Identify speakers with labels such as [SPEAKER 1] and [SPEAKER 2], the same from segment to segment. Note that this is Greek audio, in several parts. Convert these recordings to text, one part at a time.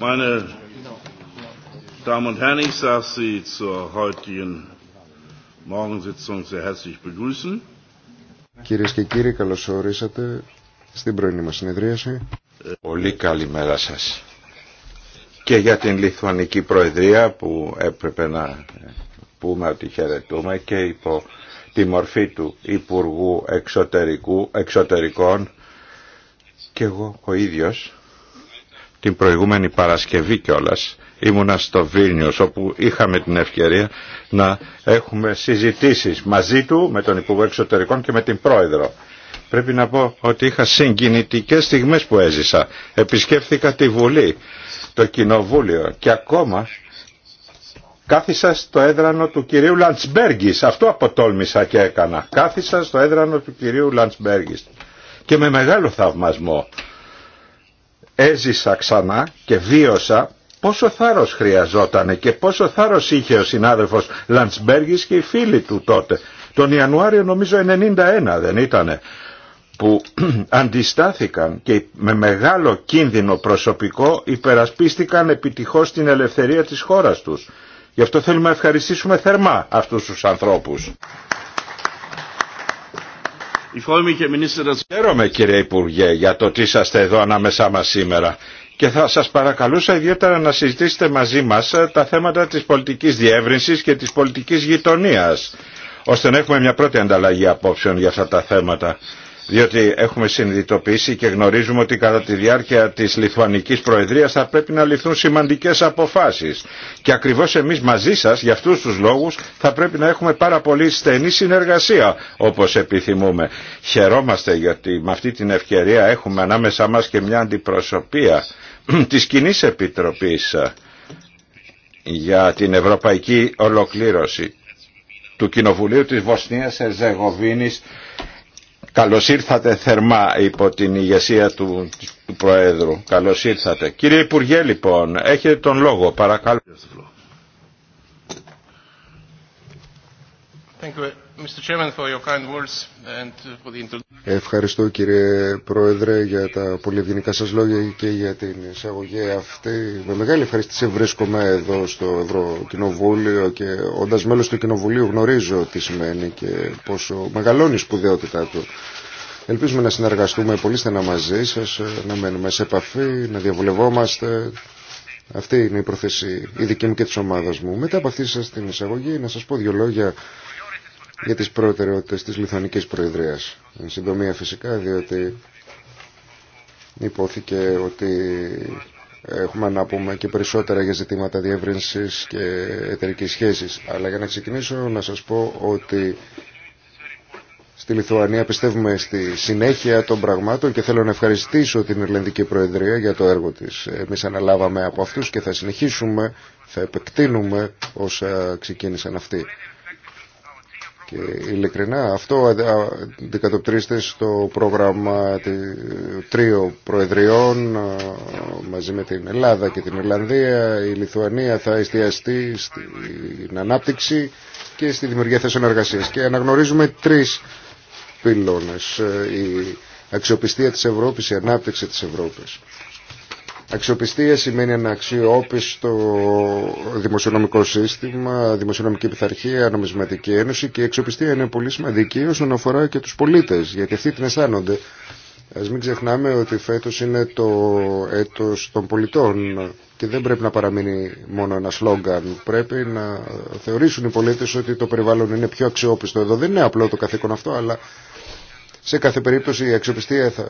[SPEAKER 1] Meine
[SPEAKER 2] Κυρίες και κύριοι, καλώς ορίσατε στην πρωινή μας συνεδρίαση.
[SPEAKER 1] Πολύ καλημέρα σας. Και για την Λιθουανική Προεδρία που έπρεπε να πούμε ότι χαιρετούμε και υπό τη μορφή του Υπουργού Εξωτερικού, Εξωτερικών και εγώ ο ίδιος την προηγούμενη Παρασκευή κιόλας ήμουνα στο Βίλνιος όπου είχαμε την ευκαιρία να έχουμε συζητήσεις μαζί του με τον Υπουργό Εξωτερικών και με την Πρόεδρο. Πρέπει να πω ότι είχα συγκινητικές στιγμές που έζησα. Επισκέφθηκα τη Βουλή, το Κοινοβούλιο και ακόμα κάθισα στο έδρανο του κυρίου Λαντσμπέργης. Αυτό αποτόλμησα και έκανα. Κάθισα στο έδρανο του κυρίου Λαντσμπέργης. Και με μεγάλο θαυμασμό έζησα ξανά και βίωσα πόσο θάρρος χρειαζόταν και πόσο θάρρος είχε ο συνάδελφος Λαντσμπέργης και οι φίλοι του τότε. Τον Ιανουάριο νομίζω 91 δεν ήτανε που αντιστάθηκαν και με μεγάλο κίνδυνο προσωπικό υπερασπίστηκαν επιτυχώς την ελευθερία της χώρας τους. Γι' αυτό θέλουμε να ευχαριστήσουμε θερμά αυτούς τους ανθρώπους. Χαίρομαι κύριε Υπουργέ για το ότι είσαστε εδώ ανάμεσά μας σήμερα και θα σας παρακαλούσα ιδιαίτερα να συζητήσετε μαζί μας ε, τα θέματα της πολιτικής διεύρυνσης και της πολιτικής γειτονίας ώστε να έχουμε μια πρώτη ανταλλαγή απόψεων για αυτά τα θέματα διότι έχουμε συνειδητοποιήσει και γνωρίζουμε ότι κατά τη διάρκεια της Λιθουανικής Προεδρίας θα πρέπει να ληφθούν σημαντικές αποφάσεις. Και ακριβώς εμείς μαζί σας, για αυτούς τους λόγους, θα πρέπει να έχουμε πάρα πολύ στενή συνεργασία, όπως επιθυμούμε. Χαιρόμαστε γιατί με αυτή την ευκαιρία έχουμε ανάμεσά μας και μια αντιπροσωπεία της κοινή Επιτροπής για την Ευρωπαϊκή Ολοκλήρωση του Κοινοβουλίου της Βοσνίας Ερζεγοβίνης Καλώς ήρθατε θερμά υπό την ηγεσία του, Προέδρου. Καλώς ήρθατε. Κύριε Υπουργέ, λοιπόν, έχετε τον λόγο, παρακαλώ.
[SPEAKER 2] Ευχαριστώ κύριε Πρόεδρε για τα πολύ ευγενικά σας λόγια και για την εισαγωγή αυτή. Με μεγάλη ευχαριστήση βρίσκομαι εδώ στο Ευρωκοινοβούλιο και όντας μέλος του Κοινοβουλίου γνωρίζω τι σημαίνει και πόσο μεγαλώνει η σπουδαιότητά του. Ελπίζουμε να συνεργαστούμε πολύ στενά μαζί σας, να μένουμε σε επαφή, να διαβουλευόμαστε. Αυτή είναι η προθέση η δική μου και της ομάδας μου. Μετά από αυτή σας την εισαγωγή να σας πω δύο λόγια για τις προτεραιότητες της Λιθουανικής Προεδρίας. Εν συντομία φυσικά, διότι υπόθηκε ότι έχουμε να πούμε και περισσότερα για ζητήματα διεύρυνσης και εταιρικής σχέσης. Αλλά για να ξεκινήσω να σας πω ότι στη Λιθουανία πιστεύουμε στη συνέχεια των πραγμάτων και θέλω να ευχαριστήσω την Ιρλανδική Προεδρία για το έργο της. Εμείς αναλάβαμε από αυτούς και θα συνεχίσουμε, θα επεκτείνουμε όσα ξεκίνησαν αυτοί. Και ειλικρινά αυτό αντικατοπτρίστε στο πρόγραμμα τρίο προεδριών μαζί με την Ελλάδα και την Ιρλανδία. Η Λιθουανία θα εστιαστεί στην ανάπτυξη και στη δημιουργία θέσεων εργασία. Και αναγνωρίζουμε τρει πυλώνε. Ε, η αξιοπιστία τη Ευρώπη, η ανάπτυξη της Ευρώπη. Αξιοπιστία σημαίνει ένα αξιόπιστο δημοσιονομικό σύστημα, δημοσιονομική πειθαρχία, νομισματική ένωση και η αξιοπιστία είναι πολύ σημαντική όσον αφορά και τους πολίτες, γιατί αυτοί την αισθάνονται. Ας μην ξεχνάμε ότι φέτος είναι το έτος των πολιτών και δεν πρέπει να παραμείνει μόνο ένα σλόγγαν. Πρέπει να θεωρήσουν οι πολίτες ότι το περιβάλλον είναι πιο αξιόπιστο εδώ. Δεν είναι απλό το καθήκον αυτό, αλλά σε κάθε περίπτωση η αξιοπιστία θα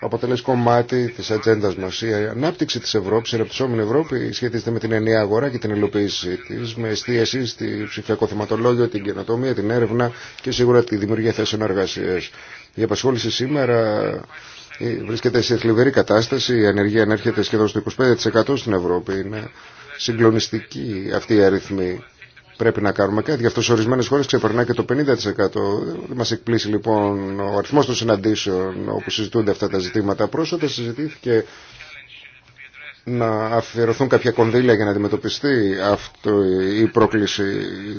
[SPEAKER 2] αποτελέσει κομμάτι τη ατζέντα μα. Η ανάπτυξη τη Ευρώπη, η αναπτυσσόμενη Ευρώπη, σχετίζεται με την ενιαία αγορά και την υλοποίησή τη, με εστίαση στη ψηφιακό θεματολόγιο, την καινοτομία, την έρευνα και σίγουρα τη δημιουργία θέσεων εργασία. Η απασχόληση σήμερα ε, βρίσκεται σε θλιβερή κατάσταση. Η ανεργία ανέρχεται σχεδόν στο 25% στην Ευρώπη. Είναι συγκλονιστική αυτή η αριθμή πρέπει να κάνουμε κάτι. Γι' αυτό σε ορισμένε χώρε ξεπερνά και το 50%. Δεν μα εκπλήσει λοιπόν ο αριθμό των συναντήσεων όπου συζητούνται αυτά τα ζητήματα. Πρόσφατα συζητήθηκε να αφιερωθούν κάποια κονδύλια για να αντιμετωπιστεί αυτή η πρόκληση.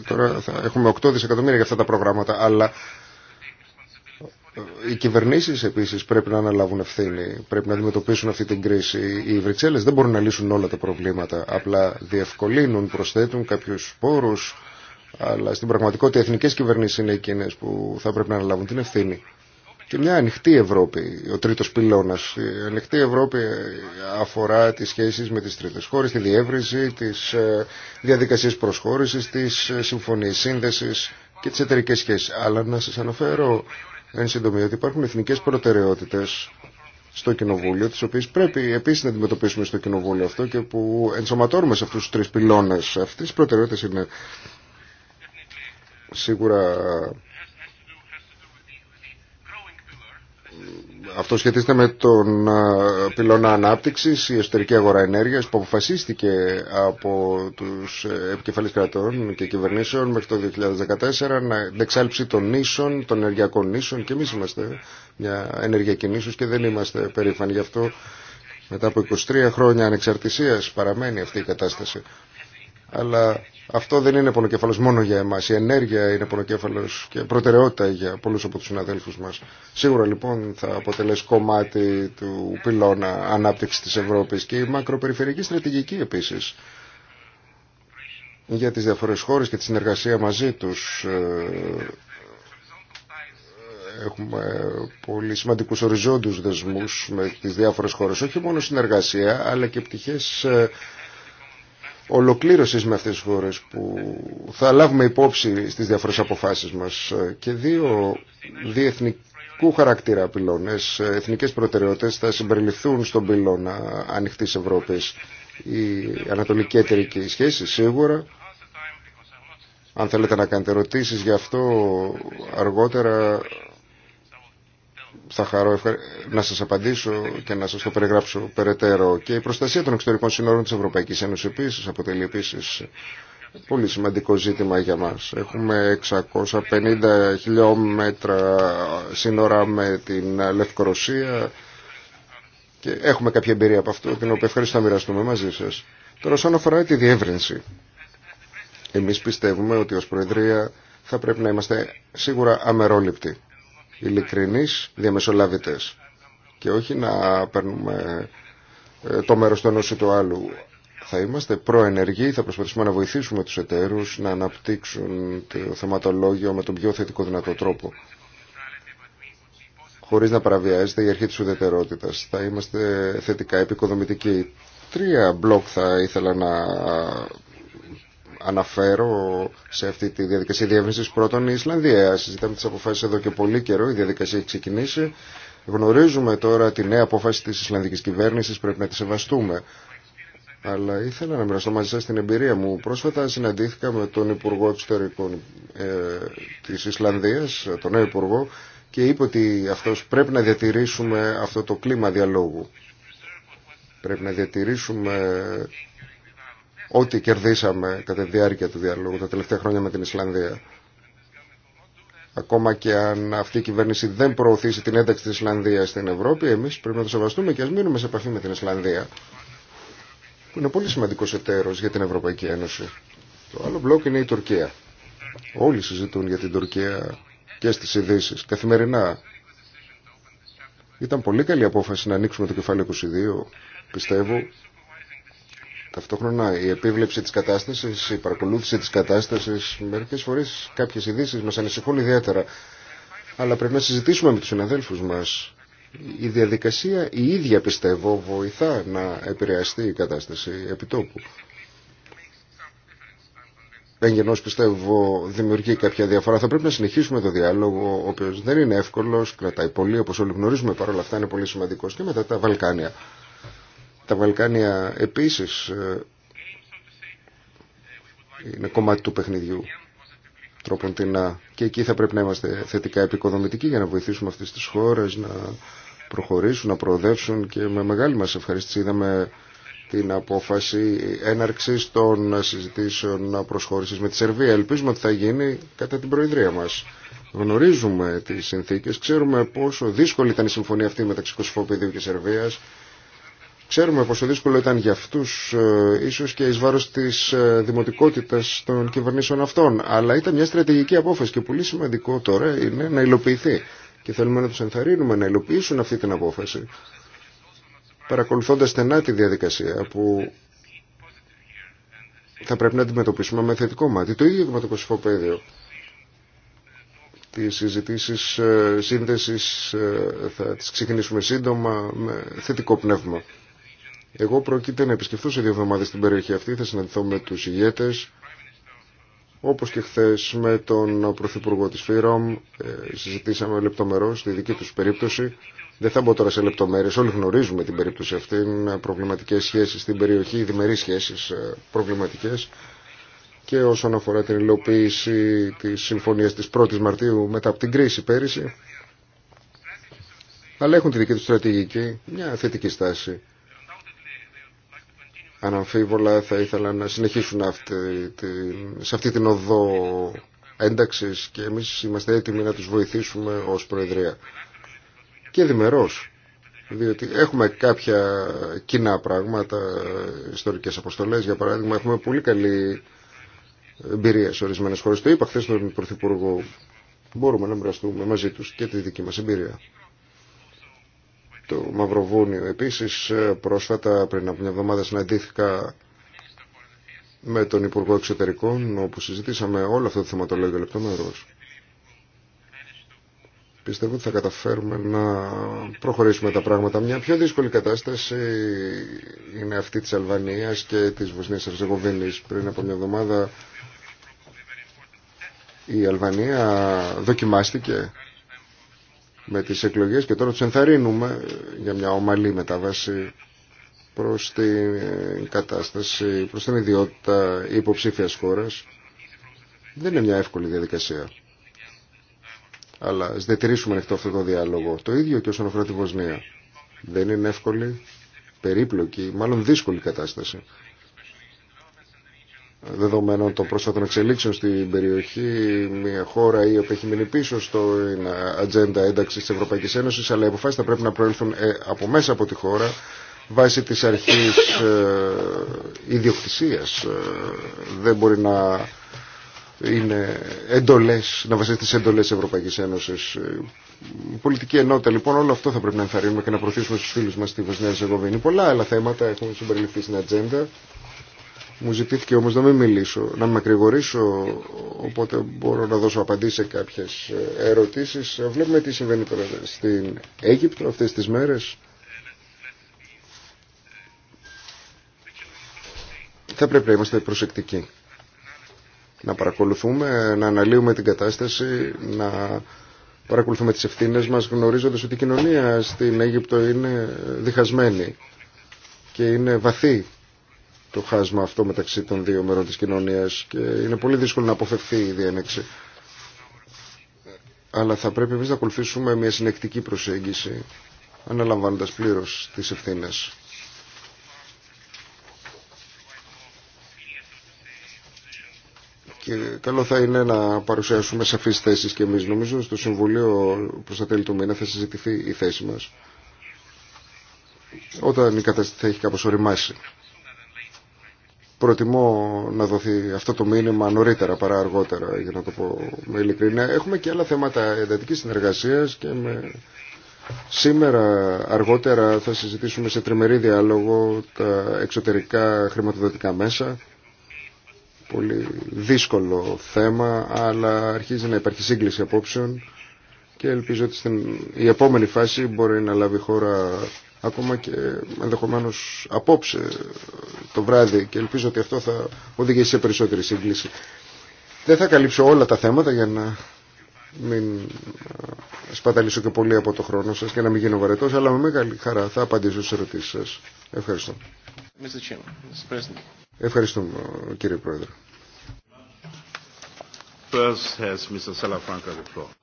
[SPEAKER 2] Τώρα θα έχουμε 8 δισεκατομμύρια για αυτά τα προγράμματα, αλλά οι κυβερνήσει επίση πρέπει να αναλάβουν ευθύνη, πρέπει να αντιμετωπίσουν αυτή την κρίση. Οι Βρυξέλλε δεν μπορούν να λύσουν όλα τα προβλήματα, απλά διευκολύνουν, προσθέτουν κάποιου πόρου, αλλά στην πραγματικότητα οι εθνικέ κυβερνήσει είναι εκείνε που θα πρέπει να αναλάβουν την ευθύνη. Και μια ανοιχτή Ευρώπη, ο τρίτο πυλώνα. Η ανοιχτή Ευρώπη αφορά τι σχέσει με τι τρίτε χώρε, τη διεύρυνση, τι ε, διαδικασίε προσχώρηση, τι ε, συμφωνίε σύνδεση και τι εταιρικέ σχέσει. Αλλά να σα αναφέρω εν συντομία ότι υπάρχουν εθνικές προτεραιότητες στο κοινοβούλιο, τις οποίες πρέπει επίσης να αντιμετωπίσουμε στο κοινοβούλιο αυτό και που ενσωματώνουμε σε αυτούς τους τρεις πυλώνες. Αυτέ οι προτεραιότητες είναι σίγουρα Αυτό σχετίζεται με τον πυλώνα ανάπτυξης, η εσωτερική αγορά ενέργειας που αποφασίστηκε από τους ε, επικεφαλής κρατών και κυβερνήσεων μέχρι το 2014 να δεξάλψει των νήσων, των ενεργειακών νήσων και εμείς είμαστε μια ενεργειακή νήσος και δεν είμαστε περήφανοι γι' αυτό. Μετά από 23 χρόνια ανεξαρτησίας παραμένει αυτή η κατάσταση αλλά αυτό δεν είναι πονοκέφαλο μόνο για εμά. Η ενέργεια είναι πονοκέφαλο και προτεραιότητα για πολλού από του συναδέλφου μα. Σίγουρα λοιπόν θα αποτελέσει κομμάτι του πυλώνα ανάπτυξη τη Ευρώπη και η μακροπεριφερειακή στρατηγική επίση για τις διαφορε χώρε και τη συνεργασία μαζί τους. Ε, έχουμε πολύ σημαντικούς οριζόντους δεσμούς με τις διάφορες χώρες, όχι μόνο συνεργασία, αλλά και πτυχές ε, ολοκλήρωσης με αυτές τις χώρες που θα λάβουμε υπόψη στις διάφορες αποφάσεις μας και δύο διεθνικού χαρακτήρα πυλώνες, εθνικές προτεραιότητες θα συμπεριληφθούν στον πυλώνα ανοιχτής Ευρώπης η ανατολική εταιρική σχέση σίγουρα αν θέλετε να κάνετε ερωτήσεις γι' αυτό αργότερα θα χαρώ να σας απαντήσω και να σας το περιγράψω περαιτέρω. Και η προστασία των εξωτερικών συνόρων της Ευρωπαϊκής Ένωσης επίσης αποτελεί επίσης πολύ σημαντικό ζήτημα για μας. Έχουμε 650 χιλιόμετρα σύνορα με την Λευκορωσία και έχουμε κάποια εμπειρία από αυτό την οποία ευχαριστώ να μοιραστούμε μαζί σας. Τώρα όσον αφορά τη διεύρυνση, εμείς πιστεύουμε ότι ως Προεδρία θα πρέπει να είμαστε σίγουρα αμερόληπτοι ειλικρινείς διαμεσολάβητες και όχι να παίρνουμε ε, το μέρος του ενός ή του άλλου. Θα είμαστε προενεργοί, θα προσπαθήσουμε να βοηθήσουμε τους εταίρους να αναπτύξουν το θεματολόγιο με τον πιο θετικό δυνατό τρόπο χωρίς να παραβιάζεται η αρχή της ουδετερότητας. Θα είμαστε θετικά επικοδομητικοί. Τρία μπλοκ θα ήθελα να αναφέρω σε αυτή τη διαδικασία διεύρυνση πρώτον η Ισλανδία. Συζητάμε τι αποφάσει εδώ και πολύ καιρό. Η διαδικασία έχει ξεκινήσει. Γνωρίζουμε τώρα τη νέα απόφαση τη Ισλανδική κυβέρνηση. Πρέπει να τη σεβαστούμε. Αλλά ήθελα να μοιραστώ μαζί σα την εμπειρία μου. Πρόσφατα συναντήθηκα με τον Υπουργό Εξωτερικών ε, τη Ισλανδία, τον νέο Υπουργό, και είπε ότι αυτό πρέπει να διατηρήσουμε αυτό το κλίμα διαλόγου. Πρέπει να διατηρήσουμε ό,τι κερδίσαμε κατά τη διάρκεια του διαλόγου τα τελευταία χρόνια με την Ισλανδία. Ακόμα και αν αυτή η κυβέρνηση δεν προωθήσει την ένταξη της Ισλανδίας στην Ευρώπη, εμείς πρέπει να το σεβαστούμε και ας μείνουμε σε επαφή με την Ισλανδία, που είναι πολύ σημαντικός εταίρος για την Ευρωπαϊκή Ένωση. Το άλλο μπλοκ είναι η Τουρκία. Όλοι συζητούν για την Τουρκία και στις ειδήσει καθημερινά. Ήταν πολύ καλή απόφαση να ανοίξουμε το κεφάλαιο 22, πιστεύω, Ταυτόχρονα η επίβλεψη της κατάστασης, η παρακολούθηση της κατάστασης, μερικές φορές κάποιες ειδήσει μας ανησυχούν ιδιαίτερα. Αλλά πρέπει να συζητήσουμε με τους συναδέλφους μας. Η διαδικασία η ίδια πιστεύω βοηθά να επηρεαστεί η κατάσταση επιτόπου. Εγγενώς πιστεύω δημιουργεί κάποια διαφορά. Θα πρέπει να συνεχίσουμε το διάλογο, ο οποίος δεν είναι εύκολος, κρατάει πολύ, όπως όλοι γνωρίζουμε, παρόλα αυτά είναι πολύ σημαντικό. και μετά τα Βαλκάνια. Τα Βαλκάνια επίσης ε, είναι κομμάτι του παιχνιδιού τροποντινά την και εκεί θα πρέπει να είμαστε θετικά επικοδομητικοί για να βοηθήσουμε αυτές τις χώρες να προχωρήσουν, να προοδεύσουν και με μεγάλη μας ευχαρίστηση είδαμε την απόφαση έναρξης των συζητήσεων προσχώρησης με τη Σερβία. Ελπίζουμε ότι θα γίνει κατά την Προεδρία μας. Γνωρίζουμε τις συνθήκες, ξέρουμε πόσο δύσκολη ήταν η συμφωνία αυτή μεταξύ Κωσυφοπηδίου και Σερβίας Ξέρουμε πόσο δύσκολο ήταν για αυτούς, ε, ίσως και εις βάρος της ε, δημοτικότητας των κυβερνήσεων αυτών, αλλά ήταν μια στρατηγική απόφαση και πολύ σημαντικό τώρα είναι να υλοποιηθεί. Και θέλουμε να τους ενθαρρύνουμε να υλοποιήσουν αυτή την απόφαση, παρακολουθώντας στενά τη διαδικασία που θα πρέπει να αντιμετωπίσουμε με θετικό μάτι. Το ίδιο με το κοσυφοπαίδιο. Τις συζητήσεις ε, σύνδεσης θα τις ξεκινήσουμε σύντομα με θετικό πνεύμα. Εγώ πρόκειται να επισκεφθώ σε δύο εβδομάδε την περιοχή αυτή. Θα συναντηθώ με του ηγέτε, όπω και χθε με τον Πρωθυπουργό τη ΦΥΡΟΜ. Ε, συζητήσαμε λεπτομερώ τη δική του περίπτωση. Δεν θα μπω τώρα σε λεπτομέρειε. Όλοι γνωρίζουμε την περίπτωση αυτή. Προβληματικέ σχέσει στην περιοχή, διμερεί σχέσει ε, προβληματικέ. Και όσον αφορά την υλοποίηση τη συμφωνία τη 1η Μαρτίου μετά από την κρίση πέρυσι. Αλλά έχουν τη δική του στρατηγική, μια θετική στάση Αναμφίβολα θα ήθελα να συνεχίσουν αυτή, σε αυτή την οδό ένταξης και εμείς είμαστε έτοιμοι να τους βοηθήσουμε ως Προεδρία. Και διμερός, διότι έχουμε κάποια κοινά πράγματα, ιστορικές αποστολές για παράδειγμα, έχουμε πολύ καλή εμπειρία σε ορισμένες χώρες. Το είπα χθε στον Πρωθυπουργό, μπορούμε να μοιραστούμε μαζί τους και τη δική μας εμπειρία το Μαυροβούνιο. Επίσης ε, πρόσφατα πριν από μια εβδομάδα συναντήθηκα με τον Υπουργό Εξωτερικών όπου συζητήσαμε όλο αυτό το θεματολόγιο λεπτομέρως. Πιστεύω ότι θα καταφέρουμε να προχωρήσουμε τα πράγματα. Μια πιο δύσκολη κατάσταση είναι αυτή της Αλβανίας και της Βοσνίας Αρζεγοβίνης. Πριν από μια εβδομάδα η Αλβανία δοκιμάστηκε με τις εκλογές και τώρα τους ενθαρρύνουμε για μια ομαλή μετάβαση προς την κατάσταση, προς την ιδιότητα υποψήφιας χώρας. Δεν είναι μια εύκολη διαδικασία. Αλλά ας διατηρήσουμε ανοιχτό αυτό το διάλογο. Το ίδιο και όσον αφορά τη Βοσνία. Δεν είναι εύκολη, περίπλοκη, μάλλον δύσκολη κατάσταση δεδομένων των πρόσφατων εξελίξεων στην περιοχή, μια χώρα η οποία έχει μείνει πίσω στο ατζέντα ένταξη τη Ευρωπαϊκή Ένωση, αλλά οι αποφάσει θα πρέπει να προέλθουν ε, από μέσα από τη χώρα βάσει της αρχής ε, ιδιοκτησίας ε, δεν μπορεί να είναι εντολές, να βασίζεται σε εντολές της Ευρωπαϊκής Ένωσης. πολιτική ενότητα λοιπόν όλο αυτό θα πρέπει να ενθαρρύνουμε και να προωθήσουμε στους φίλους μας στη Βοσνία Ζεγοβίνη. Πολλά άλλα θέματα έχουν συμπεριληφθεί στην ατζέντα μου ζητήθηκε όμως να μην μιλήσω, να με ακρηγορήσω, οπότε μπορώ να δώσω απαντήσεις σε κάποιες ε, ερωτήσεις. Βλέπουμε τι συμβαίνει τώρα στην Αίγυπτο αυτές τις μέρες. Θα πρέπει να είμαστε προσεκτικοί. Να παρακολουθούμε, να αναλύουμε την κατάσταση, να παρακολουθούμε τις ευθύνες μας γνωρίζοντας ότι η κοινωνία στην Αίγυπτο είναι διχασμένη και είναι βαθύ το χάσμα αυτό μεταξύ των δύο μέρων της κοινωνίας και είναι πολύ δύσκολο να αποφευθεί η διένεξη. Αλλά θα πρέπει εμείς να ακολουθήσουμε μια συνεκτική προσέγγιση αναλαμβάνοντας πλήρως τις ευθύνες. Και καλό θα είναι να παρουσιάσουμε σαφείς θέσεις και εμείς νομίζω στο Συμβουλίο προς τα τέλη του μήνα θα συζητηθεί η θέση μας όταν η κατάσταση θα έχει κάπως οριμάσει προτιμώ να δοθεί αυτό το μήνυμα νωρίτερα παρά αργότερα, για να το πω με ειλικρίνεια. Έχουμε και άλλα θέματα εντατικής συνεργασίας και Σήμερα αργότερα θα συζητήσουμε σε τριμερή διάλογο τα εξωτερικά χρηματοδοτικά μέσα. Πολύ δύσκολο θέμα, αλλά αρχίζει να υπάρχει σύγκληση απόψεων και ελπίζω ότι στην... η επόμενη φάση μπορεί να λάβει χώρα ακόμα και ενδεχομένω απόψε το βράδυ και ελπίζω ότι αυτό θα οδηγήσει σε περισσότερη σύγκληση. Δεν θα καλύψω όλα τα θέματα για να μην ε, σπαταλήσω και πολύ από το χρόνο σας και να μην γίνω βαρετός, αλλά με μεγάλη χαρά θα απαντήσω στις ερωτήσεις σας. Ευχαριστώ.
[SPEAKER 1] Ευχαριστώ κύριε Πρόεδρε.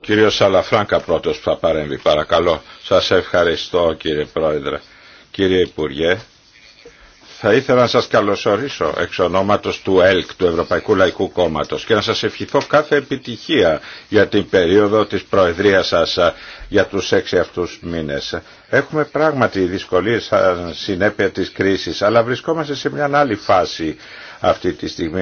[SPEAKER 1] Κύριος Σαλαφράνκα πρώτος που θα παρέμβει παρακαλώ. Σας ευχαριστώ κύριε Πρόεδρε. Κύριε Υπουργέ, θα ήθελα να σας καλωσορίσω εξ ονόματος του ΕΛΚ, του Ευρωπαϊκού Λαϊκού Κόμματος και να σας ευχηθώ κάθε επιτυχία για την περίοδο της Προεδρίας σας για τους έξι αυτούς μήνες. Έχουμε πράγματι δυσκολίες σαν συνέπεια της κρίσης, αλλά βρισκόμαστε σε μια άλλη φάση αυτή τη στιγμή.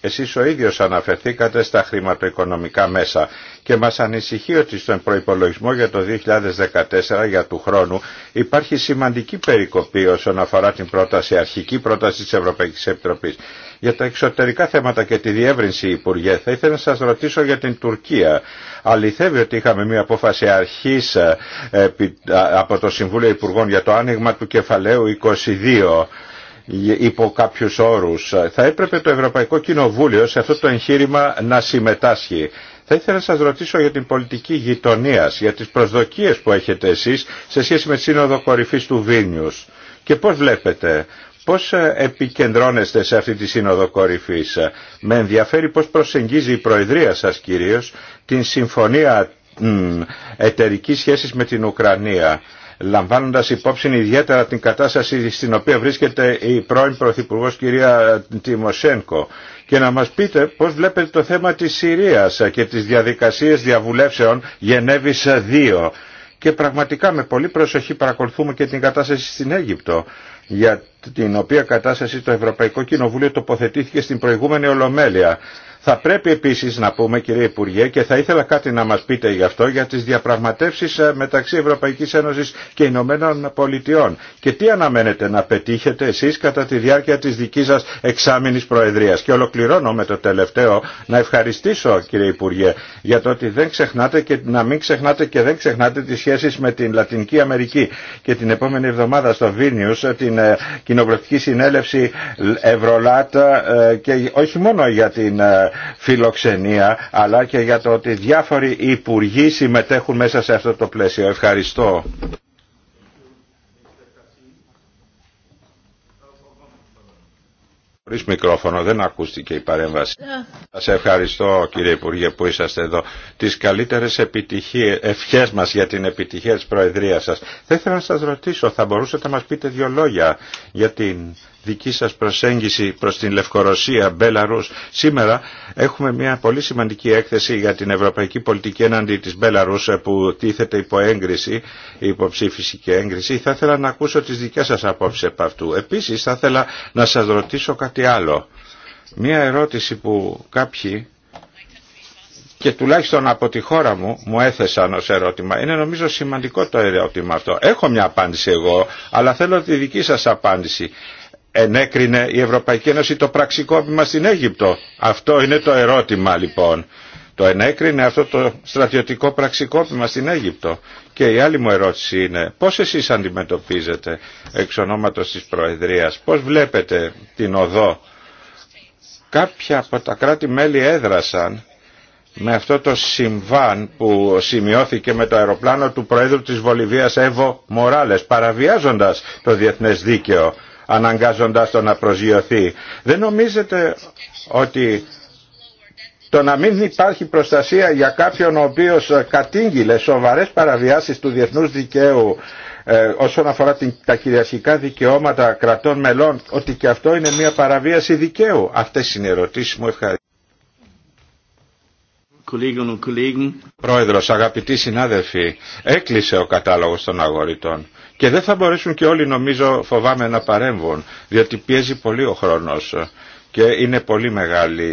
[SPEAKER 1] Εσείς ο ίδιος αναφερθήκατε στα χρηματοοικονομικά μέσα και μας ανησυχεί ότι στον προϋπολογισμό για το 2014 για του χρόνου υπάρχει σημαντική περικοπή όσον αφορά την πρόταση, αρχική πρόταση της Ευρωπαϊκής Επιτροπής. Για τα εξωτερικά θέματα και τη διεύρυνση, Υπουργέ, θα ήθελα να σας ρωτήσω για την Τουρκία. Αληθεύει ότι είχαμε μια απόφαση αρχής ε, από το Συμβούλιο Υπουργών για το άνοιγμα του κεφαλαίου 22 υπό κάποιους όρους. Θα έπρεπε το Ευρωπαϊκό Κοινοβούλιο σε αυτό το εγχείρημα να συμμετάσχει. Θα ήθελα να σας ρωτήσω για την πολιτική γειτονία, για τις προσδοκίες που έχετε εσείς σε σχέση με τη Σύνοδο Κορυφής του Βίνιους. Και πώς βλέπετε, πώς επικεντρώνεστε σε αυτή τη Σύνοδο Κορυφής. Με ενδιαφέρει πώς προσεγγίζει η Προεδρία σας κυρίως την Συμφωνία εταιρική σχέσης με την Ουκρανία λαμβάνοντας υπόψη ιδιαίτερα την κατάσταση στην οποία βρίσκεται η πρώην Πρωθυπουργό κυρία Τιμοσένκο και να μας πείτε πώς βλέπετε το θέμα της Συρίας και τις διαδικασίες διαβουλεύσεων Γενέβης 2 και πραγματικά με πολύ προσοχή παρακολουθούμε και την κατάσταση στην Αίγυπτο για την οποία κατάσταση το Ευρωπαϊκό Κοινοβούλιο τοποθετήθηκε στην προηγούμενη Ολομέλεια. Θα πρέπει επίσης να πούμε κύριε Υπουργέ και θα ήθελα κάτι να μας πείτε γι' αυτό για τις διαπραγματεύσεις ε, μεταξύ Ευρωπαϊκής Ένωσης και Ηνωμένων Πολιτειών και τι αναμένετε να πετύχετε εσείς κατά τη διάρκεια της δικής σας εξάμηνης προεδρίας. Και ολοκληρώνω με το τελευταίο να ευχαριστήσω κύριε Υπουργέ για το ότι δεν ξεχνάτε και να μην ξεχνάτε και δεν ξεχνάτε τις σχέσεις με την Λατινική Αμερική και την επόμενη εβδομάδα στο Βίνιους ε, την την ε, κοινοβουλευτική συνέλευση ευρωλάτα ε, και όχι μόνο για την ε, φιλοξενία αλλά και για το ότι διάφοροι υπουργοί συμμετέχουν μέσα σε αυτό το πλαίσιο. Ευχαριστώ. Χωρίς μικρόφωνο δεν ακούστηκε η παρέμβαση. Ναι. Σας ευχαριστώ κύριε Υπουργέ που είσαστε εδώ. Τις καλύτερες επιτυχίες, ευχές μας για την επιτυχία της Προεδρίας σας. Θα ήθελα να σας ρωτήσω, θα μπορούσατε να μας πείτε δύο λόγια για την δική σας προσέγγιση προς την Λευκορωσία, Μπέλαρους. Σήμερα έχουμε μια πολύ σημαντική έκθεση για την ευρωπαϊκή πολιτική έναντι της Μπέλαρους ε, που τίθεται υπό έγκριση, υποψήφιση και έγκριση. Θα ήθελα να ακούσω τις δικές σας απόψεις επ' αυτού. Επίσης θα ήθελα να σας ρωτήσω κάτι άλλο. Μια ερώτηση που κάποιοι και τουλάχιστον από τη χώρα μου μου έθεσαν ως ερώτημα. Είναι νομίζω σημαντικό το ερώτημα αυτό. Έχω μια απάντηση εγώ, αλλά θέλω τη δική σας απάντηση ενέκρινε η Ευρωπαϊκή Ένωση το πραξικόπημα στην Αίγυπτο. Αυτό είναι το ερώτημα λοιπόν. Το ενέκρινε αυτό το στρατιωτικό πραξικόπημα στην Αίγυπτο. Και η άλλη μου ερώτηση είναι πώς εσείς αντιμετωπίζετε εξ ονόματος της Προεδρίας, πώς βλέπετε την οδό. Κάποια από τα κράτη-μέλη έδρασαν με αυτό το συμβάν που σημειώθηκε με το αεροπλάνο του Προέδρου της Βολιβίας Εύω Μοράλες παραβιάζοντας το διεθνές δίκαιο αναγκάζοντάς το να προσγειωθεί. Δεν νομίζετε ότι το να μην υπάρχει προστασία για κάποιον ο οποίος κατήγγειλε σοβαρές παραβιάσεις του διεθνούς δικαίου ε, όσον αφορά τα κυριαρχικά δικαιώματα κρατών μελών, ότι και αυτό είναι μια παραβίαση δικαίου. Αυτές είναι οι ερωτήσεις μου. Ευχαριστώ. Πρόεδρος, αγαπητοί συνάδελφοι, έκλεισε ο κατάλογος των αγορητών. Και δεν θα μπορέσουν και όλοι νομίζω φοβάμαι να παρέμβουν, διότι πιέζει πολύ ο χρόνος και είναι πολύ, μεγάλη,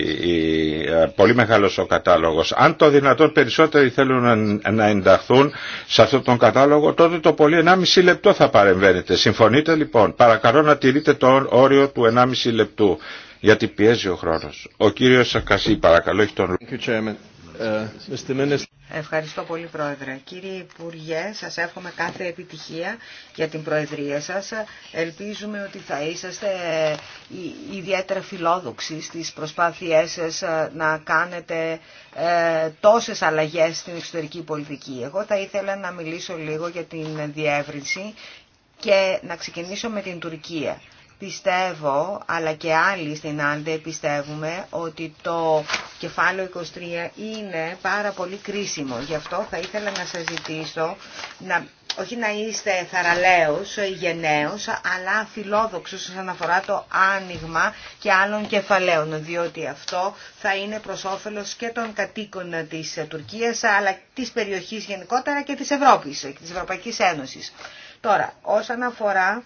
[SPEAKER 1] ε, πολύ μεγάλος ο κατάλογος. Αν το δυνατόν περισσότεροι θέλουν να ενταχθούν σε αυτόν τον κατάλογο, τότε το πολύ 1,5 λεπτό θα παρεμβαίνετε. Συμφωνείτε λοιπόν, παρακαλώ να τηρείτε το όριο του 1,5 λεπτού, γιατί πιέζει ο χρόνος. Ο κύριος Σακασί, παρακαλώ, έχει τον λόγο.
[SPEAKER 3] Ε, Ευχαριστώ πολύ Πρόεδρε. Κύριε Υπουργέ, σας εύχομαι κάθε επιτυχία για την Προεδρία σας. Ελπίζουμε ότι θα είσαστε ε, ιδιαίτερα φιλόδοξοι στις προσπάθειές σας ε, να κάνετε τόσες αλλαγές στην εξωτερική πολιτική. Εγώ θα ήθελα να μιλήσω λίγο για την διεύρυνση και να ξεκινήσω με την Τουρκία πιστεύω, αλλά και άλλοι στην Άλντε πιστεύουμε, ότι το κεφάλαιο 23 είναι πάρα πολύ κρίσιμο. Γι' αυτό θα ήθελα να σας ζητήσω, να, όχι να είστε θαραλέος, γενναίος, αλλά φιλόδοξος όσον αφορά το άνοιγμα και άλλων κεφαλαίων, διότι αυτό θα είναι προς όφελος και των κατοίκων της Τουρκίας, αλλά της περιοχής γενικότερα και της Ευρώπης, και της Ευρωπαϊκής Ένωσης. Τώρα, όσον αφορά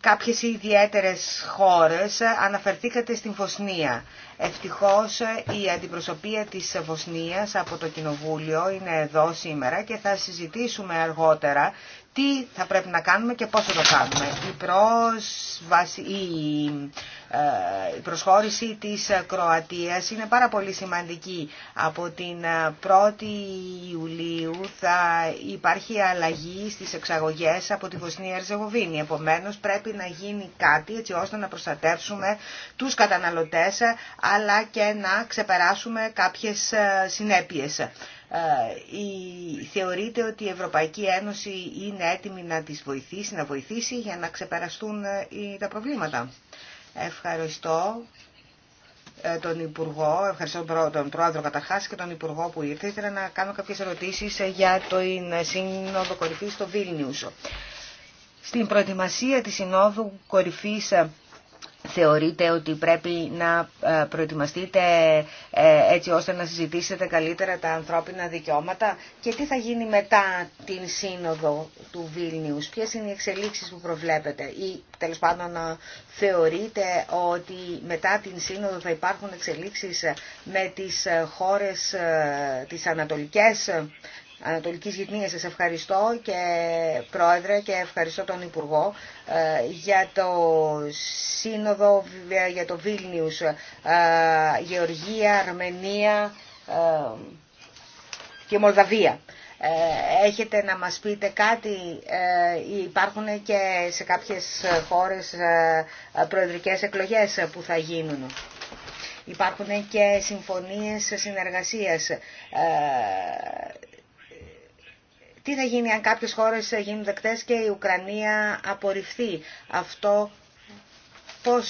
[SPEAKER 3] κάποιες ιδιαίτερες χώρες, αναφερθήκατε στην Βοσνία. Ευτυχώς η αντιπροσωπεία της Βοσνίας από το Κοινοβούλιο είναι εδώ σήμερα και θα συζητήσουμε αργότερα τι θα πρέπει να κάνουμε και πώς θα το κάνουμε. Η, ε, η προσχώρηση της Κροατίας είναι πάρα πολύ σημαντική. Από την 1η Ιουλίου θα υπάρχει αλλαγή στις εξαγωγές από τη Βοσνία Ερζεγοβίνη. Επομένως πρέπει να γίνει κάτι έτσι ώστε να προστατεύσουμε τους καταναλωτές αλλά και να ξεπεράσουμε κάποιες ε, συνέπειες. Ε, θεωρείται ότι η Ευρωπαϊκή Ένωση είναι έτοιμη να τις βοηθήσει, να βοηθήσει για να ξεπεραστούν ε, τα προβλήματα. Ευχαριστώ τον Υπουργό, ευχαριστώ τον Πρόεδρο καταρχά και τον Υπουργό που ήρθε. Ήθελα να κάνω κάποιες ερωτήσεις για το Σύνοδο Κορυφής στο Βίλνιους. Στην προετοιμασία της Συνόδου Κορυφής θεωρείτε ότι πρέπει να ε, προετοιμαστείτε ε, έτσι ώστε να συζητήσετε καλύτερα τα ανθρώπινα δικαιώματα και τι θα γίνει μετά την σύνοδο του Βίλνιους, ποιες είναι οι εξελίξεις που προβλέπετε ή τέλο πάντων ε, θεωρείτε ότι μετά την σύνοδο θα υπάρχουν εξελίξεις με τις χώρες τις ανατολικές Ανατολικής Γειτνίας. Σας ευχαριστώ και Πρόεδρε και ευχαριστώ τον Υπουργό ε, για το Σύνοδο, ε, για το Βίλνιους, ε, Γεωργία, Αρμενία και Μολδαβία. Έχετε να μας πείτε κάτι, υπάρχουν και σε κάποιες χώρες προεδρικές εκλογές που θα γίνουν. Υπάρχουν και συμφωνίες συνεργασίας τι θα γίνει αν κάποιες χώρες γίνουν δεκτές και η Ουκρανία απορριφθεί. Αυτό πώς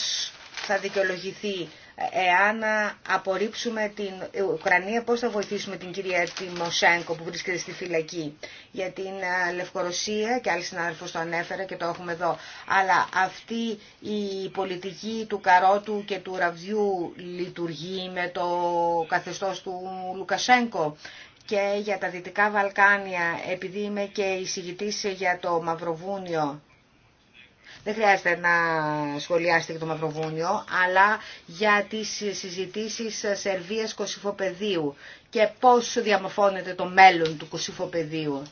[SPEAKER 3] θα δικαιολογηθεί εάν απορρίψουμε την Ουκρανία, πώς θα βοηθήσουμε την κυρία Τιμοσέγκο που βρίσκεται στη φυλακή για την ε, Λευκορωσία και άλλοι συνάδελφοι το ανέφερα και το έχουμε εδώ. Αλλά αυτή η πολιτική του καρότου και του ραβδιού λειτουργεί με το καθεστώς του Λουκασέγκο και για τα Δυτικά Βαλκάνια, επειδή είμαι και εισηγητής για το Μαυροβούνιο, δεν χρειάζεται να σχολιάσετε για το Μαυροβούνιο, αλλά για τις συζητήσεις Σερβίας Κωσυφοπεδίου και πώς διαμορφώνεται το μέλλον του Κωσυφοπεδίου.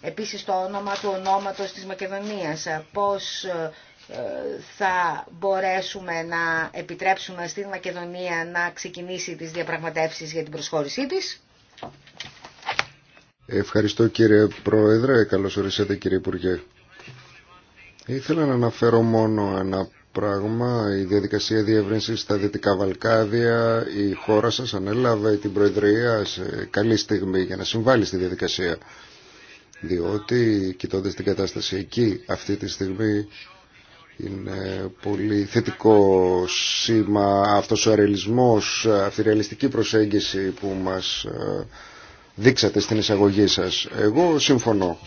[SPEAKER 3] Επίσης το όνομα του ονόματος της Μακεδονίας, πώς ε, θα μπορέσουμε να επιτρέψουμε στην Μακεδονία να ξεκινήσει τις διαπραγματεύσεις για την προσχώρησή της.
[SPEAKER 2] Ευχαριστώ κύριε Πρόεδρε, καλώς ορίσατε κύριε Υπουργέ. Ήθελα να αναφέρω μόνο ένα πράγμα, η διαδικασία διεύρυνσης στα Δυτικά Βαλκάδια, η χώρα σας ανέλαβε την Προεδρία σε καλή στιγμή για να συμβάλλει στη διαδικασία. Διότι κοιτώντας την κατάσταση εκεί αυτή τη στιγμή είναι πολύ θετικό σήμα αυτός ο αρελισμός, αυτή η ρεαλιστική προσέγγιση που μας ε, δείξατε στην εισαγωγή σας. Εγώ συμφωνώ.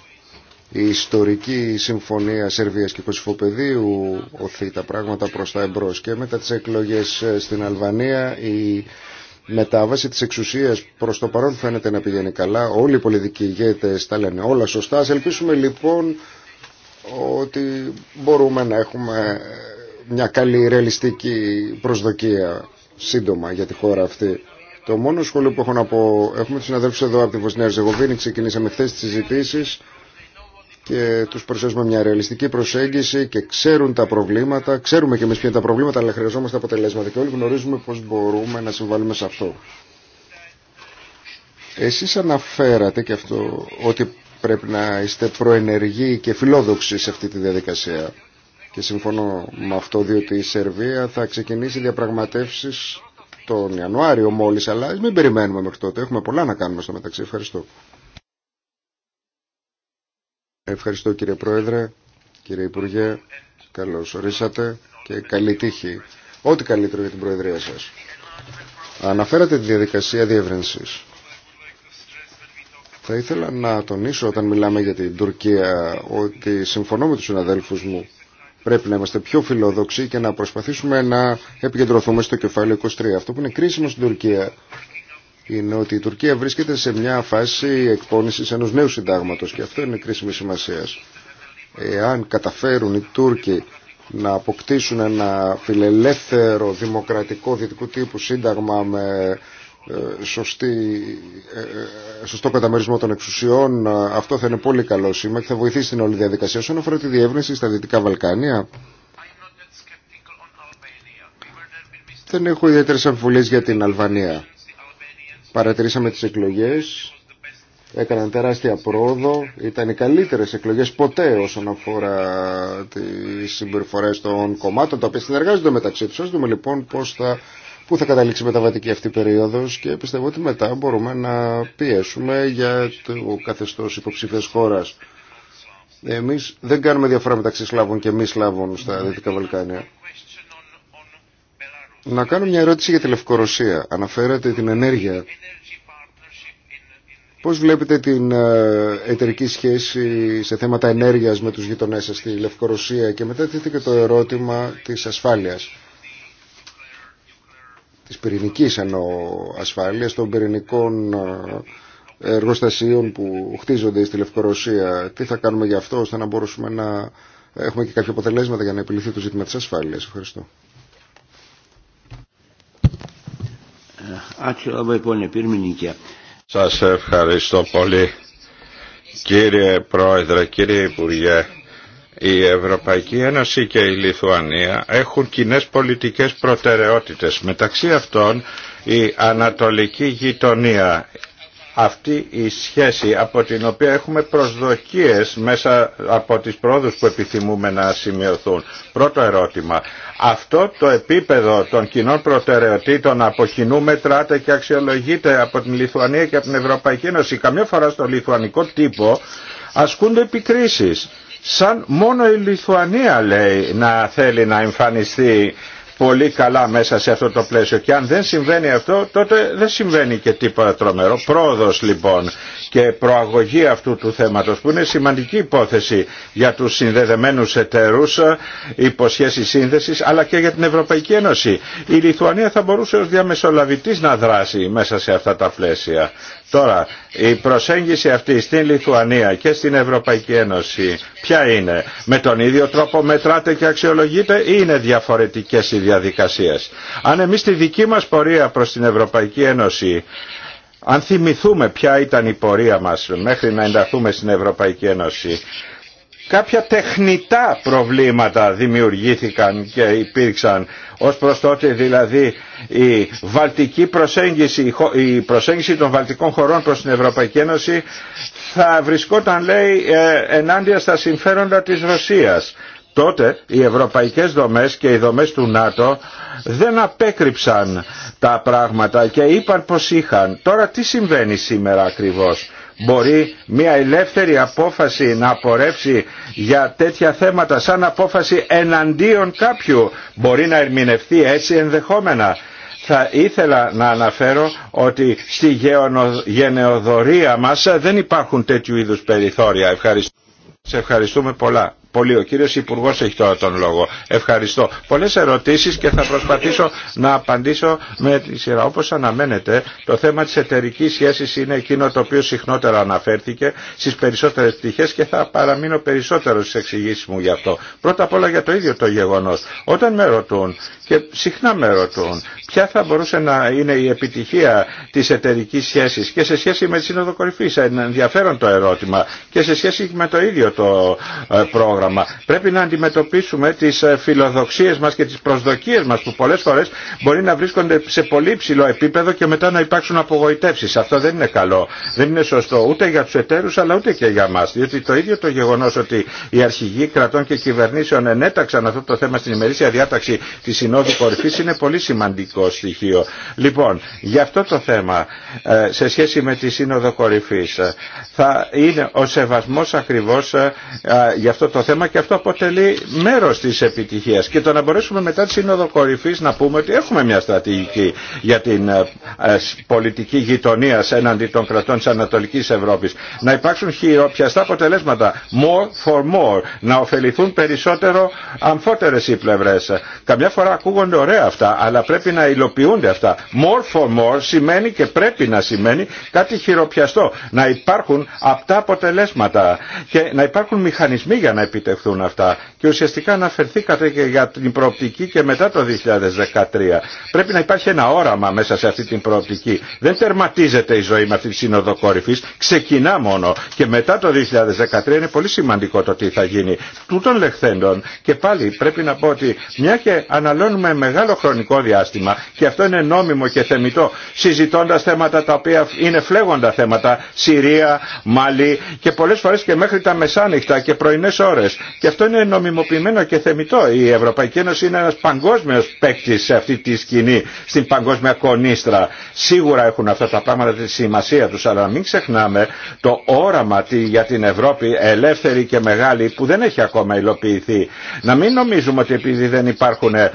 [SPEAKER 2] Η ιστορική συμφωνία Σερβίας και Κωσυφοπεδίου οθεί τα πράγματα προς τα εμπρός και μετά τις εκλογές ε, στην Αλβανία η μετάβαση της εξουσίας προς το παρόν φαίνεται να πηγαίνει καλά. Όλοι οι πολιτικοί ηγέτες τα λένε όλα σωστά. Ας ελπίσουμε λοιπόν ότι μπορούμε να έχουμε μια καλή ρεαλιστική προσδοκία σύντομα για τη χώρα αυτή. Το μόνο σχόλιο που έχω να πω, έχουμε του συναδέλφου εδώ από τη Βοσνία Ριζεγοβίνη, ξεκινήσαμε χθε τι συζητήσει και του προσθέσουμε μια ρεαλιστική προσέγγιση και ξέρουν τα προβλήματα, ξέρουμε και εμεί ποια είναι τα προβλήματα, αλλά χρειαζόμαστε αποτελέσματα και όλοι γνωρίζουμε πώ μπορούμε να συμβάλλουμε σε αυτό. Εσείς αναφέρατε και αυτό ότι πρέπει να είστε προενεργοί και φιλόδοξοι σε αυτή τη διαδικασία. Και συμφωνώ με αυτό διότι η Σερβία θα ξεκινήσει διαπραγματεύσεις τον Ιανουάριο μόλις, αλλά μην περιμένουμε μέχρι τότε. Έχουμε πολλά να κάνουμε στο μεταξύ. Ευχαριστώ. Ευχαριστώ κύριε Πρόεδρε, κύριε Υπουργέ. Καλώς ορίσατε και καλή τύχη. Ό,τι καλύτερο για την Προεδρία σας. Αναφέρατε τη διαδικασία διεύρυνσης. Θα ήθελα να τονίσω όταν μιλάμε για την Τουρκία ότι συμφωνώ με τους συναδέλφους μου Πρέπει να είμαστε πιο φιλόδοξοι και να προσπαθήσουμε να επικεντρωθούμε στο κεφάλαιο 23. Αυτό που είναι κρίσιμο στην Τουρκία είναι ότι η Τουρκία βρίσκεται σε μια φάση εκπόνησης ενός νέου συντάγματος και αυτό είναι κρίσιμη σημασία. Εάν καταφέρουν οι Τούρκοι να αποκτήσουν ένα φιλελεύθερο, δημοκρατικό, δυτικού τύπου σύνταγμα με ε, σωστή, ε, ε, σωστό καταμερισμό των εξουσιών. Αυτό θα είναι πολύ καλό σήμα και θα βοηθήσει την όλη διαδικασία. Όσον αφορά τη διεύρυνση στα Δυτικά Βαλκάνια, δεν έχω ιδιαίτερε αμφιβολίε για την Αλβανία. Παρατηρήσαμε τις εκλογές, έκαναν τεράστια πρόοδο, ήταν οι καλύτερες εκλογές ποτέ όσον αφορά τι συμπεριφορέ των κομμάτων, τα οποία συνεργάζονται μεταξύ του. Α δούμε λοιπόν πώ θα που θα καταλήξει μεταβατική αυτή περίοδος και πιστεύω ότι μετά μπορούμε να πιέσουμε για το καθεστώς υποψήφιας χώρας. Εμείς δεν κάνουμε διαφορά μεταξύ Σλάβων και μη Σλάβων στα Δυτικά Βαλκάνια. Να κάνω μια ερώτηση για τη Λευκορωσία. Αναφέρατε την ενέργεια. Πώς βλέπετε την ε, εταιρική σχέση σε θέματα ενέργειας με τους γειτονές σας στη Λευκορωσία και μετά τίθεται και το ερώτημα της ασφάλειας της πυρηνικής ενώ ασφάλειας των πυρηνικών ε, εργοστασίων που χτίζονται στη Λευκορωσία. Τι θα κάνουμε γι' αυτό ώστε να μπορούμε να έχουμε και κάποια αποτελέσματα για να επιληθεί το ζήτημα της ασφάλειας. Ευχαριστώ.
[SPEAKER 1] Ε, λοιπόν Σας ευχαριστώ πολύ. Κύριε Πρόεδρε, κύριε Υπουργέ, η Ευρωπαϊκή Ένωση και η Λιθουανία έχουν κοινέ πολιτικές προτεραιότητες. Μεταξύ αυτών η ανατολική γειτονία, αυτή η σχέση από την οποία έχουμε προσδοκίες μέσα από τις πρόοδους που επιθυμούμε να σημειωθούν. Πρώτο ερώτημα. Αυτό το επίπεδο των κοινών προτεραιοτήτων από κοινού μετράται και αξιολογείται από την Λιθουανία και από την Ευρωπαϊκή Ένωση. Καμιά φορά στο λιθουανικό τύπο ασκούνται επικρίσεις σαν μόνο η Λιθουανία λέει να θέλει να εμφανιστεί πολύ καλά μέσα σε αυτό το πλαίσιο και αν δεν συμβαίνει αυτό τότε δεν συμβαίνει και τίποτα τρομερό. Πρόοδος λοιπόν και προαγωγή αυτού του θέματος που είναι σημαντική υπόθεση για τους συνδεδεμένους εταιρούς υποσχέσεις σύνδεσης αλλά και για την Ευρωπαϊκή Ένωση. Η Λιθουανία θα μπορούσε ως διαμεσολαβητής να δράσει μέσα σε αυτά τα πλαίσια. Τώρα, η προσέγγιση αυτή στην Λιθουανία και στην Ευρωπαϊκή Ένωση ποια είναι. Με τον ίδιο τρόπο μετράτε και αξιολογείτε ή είναι διαφορετικές οι διαδικασίες. Αν εμείς τη δική μας πορεία προς την Ευρωπαϊκή Ένωση αν θυμηθούμε ποια ήταν η πορεία μας μέχρι να ενταθούμε στην Ευρωπαϊκή Ένωση κάποια τεχνητά προβλήματα δημιουργήθηκαν και υπήρξαν ως προς τότε δηλαδή η βαλτική προσέγγιση, η προσέγγιση των βαλτικών χωρών προς την Ευρωπαϊκή Ένωση θα βρισκόταν λέει ε, ενάντια στα συμφέροντα της Ρωσίας. Τότε οι ευρωπαϊκές δομές και οι δομές του ΝΑΤΟ δεν απέκρυψαν τα πράγματα και είπαν πως είχαν. Τώρα τι συμβαίνει σήμερα ακριβώς μπορεί μια ελεύθερη απόφαση να απορρέψει για τέτοια θέματα σαν απόφαση εναντίον κάποιου. Μπορεί να ερμηνευτεί έτσι ενδεχόμενα. Θα ήθελα να αναφέρω ότι στη γενεοδορία μας δεν υπάρχουν τέτοιου είδους περιθώρια. Σε ευχαριστούμε πολλά πολύ. Ο κύριος Υπουργός έχει τώρα τον λόγο. Ευχαριστώ. Πολλές ερωτήσεις και θα προσπαθήσω να απαντήσω με τη σειρά. Όπως αναμένεται, το θέμα της εταιρικής σχέσης είναι εκείνο το οποίο συχνότερα αναφέρθηκε στις περισσότερες πτυχές και θα παραμείνω περισσότερο στις εξηγήσεις μου γι' αυτό. Πρώτα απ' όλα για το ίδιο το γεγονός. Όταν με ρωτούν και συχνά με ρωτούν ποια θα μπορούσε να είναι η επιτυχία της εταιρικής σχέσης και σε σχέση με τη Σύνοδο Κορυφής, ενδιαφέρον το ερώτημα και σε σχέση με το ίδιο το ε, πρόγραμμα πρόγραμμα. Πρέπει να αντιμετωπίσουμε τι ε, φιλοδοξίε μα και τι προσδοκίε μα που πολλέ φορέ μπορεί να βρίσκονται σε πολύ ψηλό επίπεδο και μετά να υπάρξουν απογοητεύσει. Αυτό δεν είναι καλό. Δεν είναι σωστό ούτε για του εταίρου αλλά ούτε και για μας. Διότι το ίδιο το γεγονό ότι οι αρχηγοί κρατών και κυβερνήσεων ενέταξαν αυτό το θέμα στην ημερήσια διάταξη τη Συνόδου κορυφή είναι πολύ σημαντικό στοιχείο. Λοιπόν, για αυτό το θέμα ε, σε σχέση με τη Σύνοδο Κορυφή, ε, θα είναι ο σεβασμό ακριβώ για αυτό το θέμα θέμα και αυτό αποτελεί μέρος της επιτυχίας και το να μπορέσουμε μετά τη Σύνοδο Κορυφής να πούμε ότι έχουμε μια στρατηγική για την ε, ε, πολιτική γειτονία έναντι των κρατών της Ανατολικής Ευρώπης να υπάρξουν χειροπιαστά αποτελέσματα more for more να ωφεληθούν περισσότερο αμφότερες οι πλευρές καμιά φορά ακούγονται ωραία αυτά αλλά πρέπει να υλοποιούνται αυτά more for more σημαίνει και πρέπει να σημαίνει κάτι χειροπιαστό να υπάρχουν αυτά αποτελέσματα και να υπάρχουν μηχανισμοί για να επιτευχθούν αυτά και ουσιαστικά αναφερθήκατε και για την προοπτική και μετά το 2013. Πρέπει να υπάρχει ένα όραμα μέσα σε αυτή την προοπτική. Δεν τερματίζεται η ζωή με αυτή τη σύνοδο ξεκινά μόνο και μετά το 2013 είναι πολύ σημαντικό το τι θα γίνει. Τούτων λεχθέντων και πάλι πρέπει να πω ότι μια και αναλώνουμε μεγάλο χρονικό διάστημα και αυτό είναι νόμιμο και θεμητό συζητώντα θέματα τα οποία είναι φλέγοντα θέματα, Συρία, Μάλι και πολλέ φορέ και μέχρι τα μεσάνυχτα και πρωινέ ώρε. Και αυτό είναι νομιμο νομιμοποιημένο και θεμητό. Η Ευρωπαϊκή Ένωση είναι ένας παγκόσμιος παίκτη σε αυτή τη σκηνή, στην παγκόσμια κονίστρα. Σίγουρα έχουν αυτά τα πράγματα τη σημασία τους, αλλά μην ξεχνάμε το όραμα για την Ευρώπη ελεύθερη και μεγάλη που δεν έχει ακόμα υλοποιηθεί. Να μην νομίζουμε ότι επειδή δεν υπάρχουν ε,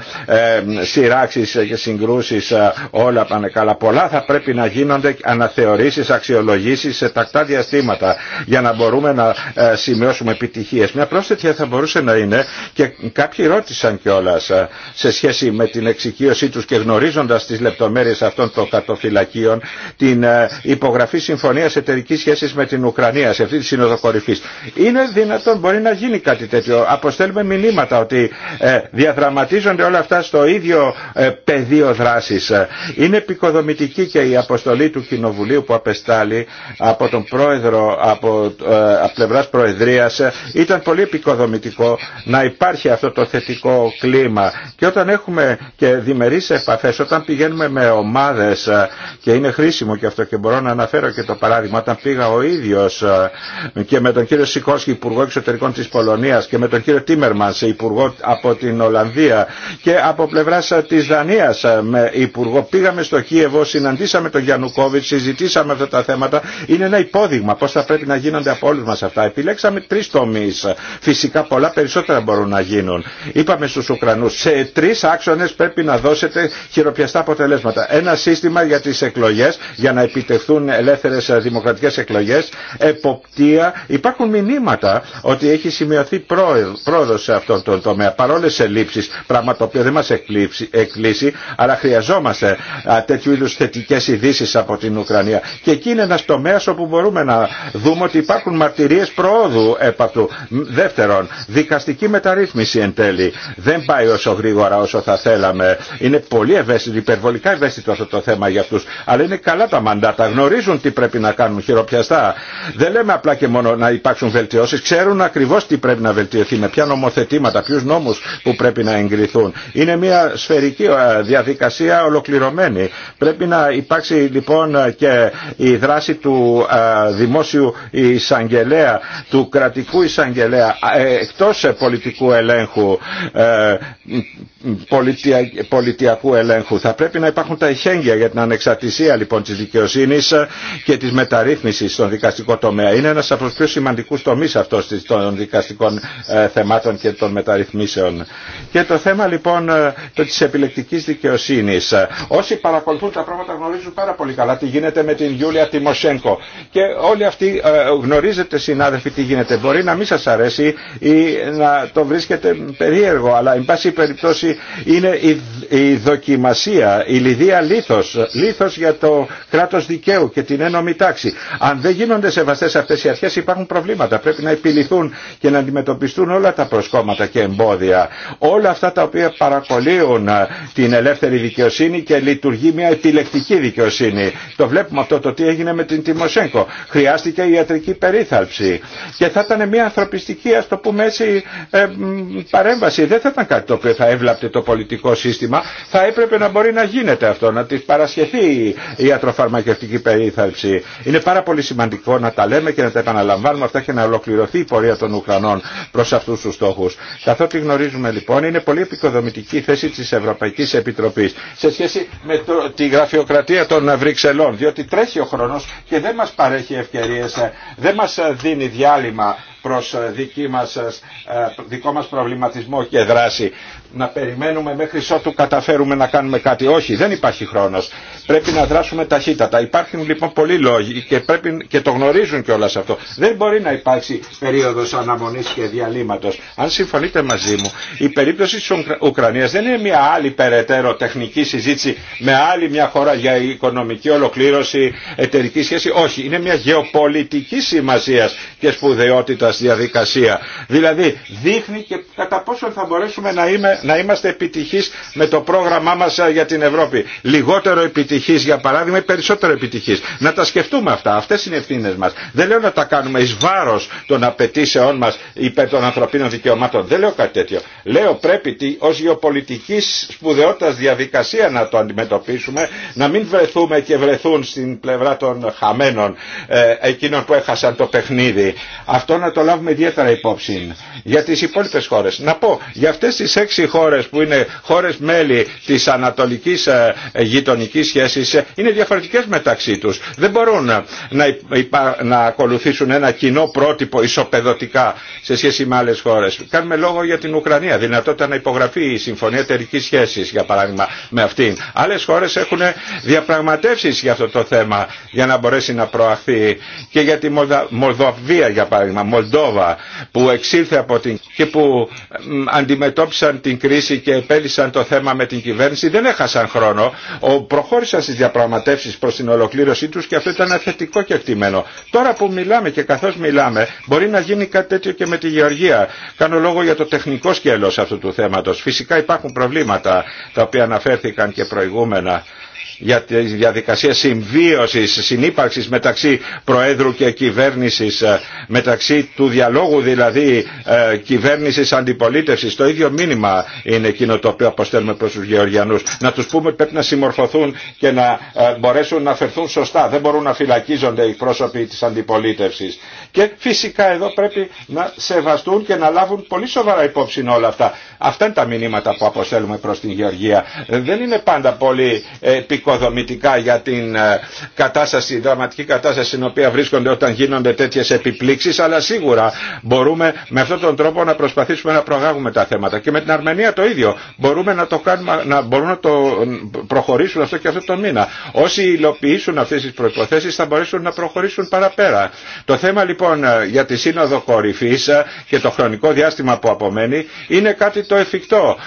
[SPEAKER 1] σειράξεις και συγκρούσεις ε, όλα πάνε καλά. Πολλά θα πρέπει να γίνονται αναθεωρήσεις, αξιολογήσεις σε τακτά διαστήματα για να μπορούμε να ε, σημειώσουμε επιτυχίε. Μια πρόσθετη θα μπορούσε να είναι και κάποιοι ρώτησαν κιόλα ε, σε σχέση με την εξοικείωσή τους και γνωρίζοντας τις λεπτομέρειες αυτών των κατοφυλακίων την ε, υπογραφή συμφωνίας εταιρικής σχέσης με την Ουκρανία σε αυτή τη σύνοδο κορυφής. Είναι δυνατόν, μπορεί να γίνει κάτι τέτοιο. Αποστέλουμε μηνύματα ότι ε, διαδραματίζονται όλα αυτά στο ίδιο πεδίο δράσης. Είναι επικοδομητική και η αποστολή του Κοινοβουλίου που απεστάλλει από τον πρόεδρο από, από πλευράς Προεδρίας ήταν πολύ επικοδομητικό να υπάρχει αυτό το θετικό κλίμα. Και όταν έχουμε και διμερείς επαφές, όταν πηγαίνουμε με ομάδες ε, και είναι χρήσιμο και αυτό και μπορώ να αναφέρω και το παράδειγμα, όταν πήγα ο ίδιος ε, και με τον κύριο Σικόσκι, Υπουργό Εξωτερικών της Πολωνίας και με τον κύριο Τίμερμανς, Υπουργό από την Ολλανδία και από πλευράς ε, της Δανίας με Υπουργό. Πήγαμε στο Κίεβο, συναντήσαμε τον Γιαννουκόβιτ, συζητήσαμε αυτά τα θέματα. Είναι ένα υπόδειγμα πώς θα πρέπει να γίνονται από όλους μας αυτά. Επιλέξαμε τρεις τομείς. Φυσικά πολλά περισσότερα περισσότερα μπορούν να γίνουν. Είπαμε στους Ουκρανούς, σε τρεις άξονες πρέπει να δώσετε χειροπιαστά αποτελέσματα. Ένα σύστημα για τις εκλογές, για να επιτευχθούν ελεύθερες δημοκρατικές εκλογές, εποπτεία. Υπάρχουν μηνύματα ότι έχει σημειωθεί πρόοδο σε αυτόν τον τομέα, παρόλες ελλείψεις, πράγμα το οποίο δεν μας εκλείσει. αλλά χρειαζόμαστε τέτοιου είδους θετικές ειδήσει από την Ουκρανία. Και εκεί είναι ένας τομέας όπου μπορούμε να δούμε ότι υπάρχουν μαρτυρίες προόδου επ' αυτού. Δεύτερον, δικαστική ουσιαστική μεταρρύθμιση εν τέλει. Δεν πάει όσο γρήγορα όσο θα θέλαμε. Είναι πολύ ευαίσθητο, υπερβολικά ευαίσθητο αυτό το θέμα για αυτούς. Αλλά είναι καλά τα μαντάτα, γνωρίζουν τι πρέπει να κάνουν χειροπιαστά. Δεν λέμε απλά και μόνο να υπάρξουν βελτιώσει. ξέρουν ακριβώ τι πρέπει να βελτιωθεί, με ποια νομοθετήματα, ποιου νόμου που πρέπει να εγκριθούν. Είναι μια σφαιρική ε, διαδικασία ολοκληρωμένη. Πρέπει να υπάρξει λοιπόν ε, και η δράση του ε, δημόσιου εισαγγελέα, του κρατικού εισαγγελέα, εκτό πολιτικού ελέγχου, ε, πολιτιακού ελέγχου. Θα πρέπει να υπάρχουν τα ειχέγγυα για την ανεξαρτησία λοιπόν της δικαιοσύνης και της μεταρρύθμισης στον δικαστικό τομέα. Είναι ένας από τους πιο σημαντικούς τομείς αυτός των δικαστικών ε, θεμάτων και των μεταρρυθμίσεων. Και το θέμα λοιπόν ε, το της επιλεκτικής δικαιοσύνης. Όσοι παρακολουθούν τα πράγματα γνωρίζουν πάρα πολύ καλά τι γίνεται με την Γιούλια Τιμοσέγκο. Και όλοι αυτοί γνωρίζετε συνάδελφοι τι γίνεται. Μπορεί να μην αρέσει ή να το βρίσκεται περίεργο, αλλά εν πάση περιπτώσει είναι η, δοκιμασία, η λιδία λίθος, λίθος για το κράτος δικαίου και την ένωμη τάξη. Αν δεν γίνονται σεβαστές αυτές οι αρχές υπάρχουν προβλήματα, πρέπει να επιληθούν και να αντιμετωπιστούν όλα τα προσκόμματα και εμπόδια. Όλα αυτά τα οποία παρακολύουν ε, την ελεύθερη δικαιοσύνη και λειτουργεί μια επιλεκτική δικαιοσύνη. Το βλέπουμε αυτό το τι έγινε με την Τιμοσέγκο. Χρειάστηκε ιατρική περίθαλψη. Και θα ήταν μια ανθρωπιστική, α το πούμε έτσι, ε, παρέμβαση. Δεν θα ήταν κάτι το οποίο θα έβλαπτε το πολιτικό σύστημα. Θα έπρεπε να μπορεί να γίνεται αυτό, να τη παρασχεθεί η ιατροφαρμακευτική περίθαλψη. Είναι πάρα πολύ σημαντικό να τα λέμε και να τα επαναλαμβάνουμε αυτά και να ολοκληρωθεί η πορεία των Ουκρανών προ αυτού του στόχου. Καθότι γνωρίζουμε λοιπόν, είναι πολύ επικοδομητική η θέση τη Ευρωπαϊκή Επιτροπή σε σχέση με τη γραφειοκρατία των Βρυξελών, διότι τρέχει ο χρόνο και δεν μα παρέχει ευκαιρίε, ε, δεν μα δίνει διάλειμμα προς ε, δική μας, ε, ε, δικό μας προβληματισμό και δράση. Να περιμένουμε μέχρι ότου καταφέρουμε να κάνουμε κάτι. Όχι, δεν υπάρχει χρόνος. Πρέπει να δράσουμε ταχύτατα. Υπάρχουν λοιπόν πολλοί λόγοι και, πρέπει, και το γνωρίζουν κιόλα αυτό. Δεν μπορεί να υπάρξει περίοδος αναμονής και διαλύματος. Αν συμφωνείτε μαζί μου, η περίπτωση της Ουκρανίας δεν είναι μια άλλη περαιτέρω τεχνική συζήτηση με άλλη μια χώρα για οικονομική ολοκλήρωση, εταιρική σχέση. Όχι, είναι μια γεωπολιτική σημασία και σπουδαιότητα Στη διαδικασία. Δηλαδή δείχνει και κατά πόσο θα μπορέσουμε να, είμαι, να είμαστε επιτυχείς με το πρόγραμμά μας ε, για την Ευρώπη. Λιγότερο επιτυχής για παράδειγμα ή περισσότερο επιτυχής. Να τα σκεφτούμε αυτά. Αυτές είναι οι ευθύνες μας. Δεν λέω να τα κάνουμε εις βάρος των απαιτήσεών μας υπέρ των ανθρωπίνων δικαιωμάτων. Δεν λέω κάτι τέτοιο. Λέω πρέπει ως γεωπολιτική σπουδαιότητας διαδικασία να το αντιμετωπίσουμε, να μην βρεθούμε και βρεθούν στην πλευρά των χαμένων ε, εκείνων που έχασαν το παιχνίδι. Αυτό το λάβουμε ιδιαίτερα υπόψη. Για τις υπόλοιπες χώρες. Να πω, για αυτές τις έξι χώρες που είναι χώρες μέλη της ανατολικής ε, γειτονικής σχέσης ε, είναι διαφορετικές μεταξύ τους. Δεν μπορούν ε, να, υπα... ακολουθήσουν ένα κοινό πρότυπο ισοπεδωτικά σε σχέση με άλλες χώρες. Κάνουμε λόγο για την Ουκρανία, δυνατότητα να υπογραφεί η Συμφωνία Εταιρική Σχέσης για παράδειγμα με αυτήν. Άλλες χώρες έχουν διαπραγματεύσεις για αυτό το θέμα για να μπορέσει να προαχθεί και για τη Μολδοβία, για παράδειγμα, Μολδόβα που εξήλθε από την και που αντιμετώπισαν την κρίση και επέλυσαν το θέμα με την κυβέρνηση δεν έχασαν χρόνο. Ο, προχώρησαν στις διαπραγματεύσεις προς την ολοκλήρωσή τους και αυτό ήταν ένα και εκτιμένο. Τώρα που μιλάμε και καθώς μιλάμε μπορεί να γίνει κάτι τέτοιο και με τη Γεωργία. Κάνω λόγο για το τεχνικό σκέλος αυτού του θέματος. Φυσικά υπάρχουν προβλήματα τα οποία αναφέρθηκαν και προηγούμενα για τη διαδικασία συμβίωσης, συνύπαρξης μεταξύ Προέδρου και κυβέρνησης, ε, μεταξύ του διαλόγου δηλαδή ε, κυβέρνησης αντιπολίτευσης. Το ίδιο μήνυμα είναι εκείνο το οποίο αποστέλουμε προς τους Γεωργιανούς. Να τους πούμε πρέπει να συμμορφωθούν και να ε, μπορέσουν να φερθούν σωστά. Δεν μπορούν να φυλακίζονται οι πρόσωποι της αντιπολίτευσης. Και φυσικά εδώ πρέπει να σεβαστούν και να λάβουν πολύ σοβαρά υπόψη όλα αυτά. Αυτά είναι τα μηνύματα που αποστέλουμε προς την Γεωργία. Δεν είναι πάντα πολύ επικοδομητικά για την ε, κατάσταση, δραματική κατάσταση στην οποία βρίσκονται όταν γίνονται τέτοιες επιπλήξεις, αλλά σίγουρα μπορούμε με αυτόν τον τρόπο να προσπαθήσουμε να προγάγουμε τα θέματα. Και με την Αρμενία το ίδιο. Μπορούμε να το, κάνουμε, να μπορούμε να το προχωρήσουν αυτό και αυτό το μήνα. Όσοι υλοποιήσουν αυτές τις προϋποθέσεις θα μπορέσουν να προχωρήσουν παραπέρα. Το θέμα λοιπόν ε, για τη Σύνοδο Κορυφή ε, και το χρονικό διάστημα που απομένει είναι κάτι το εφικτό.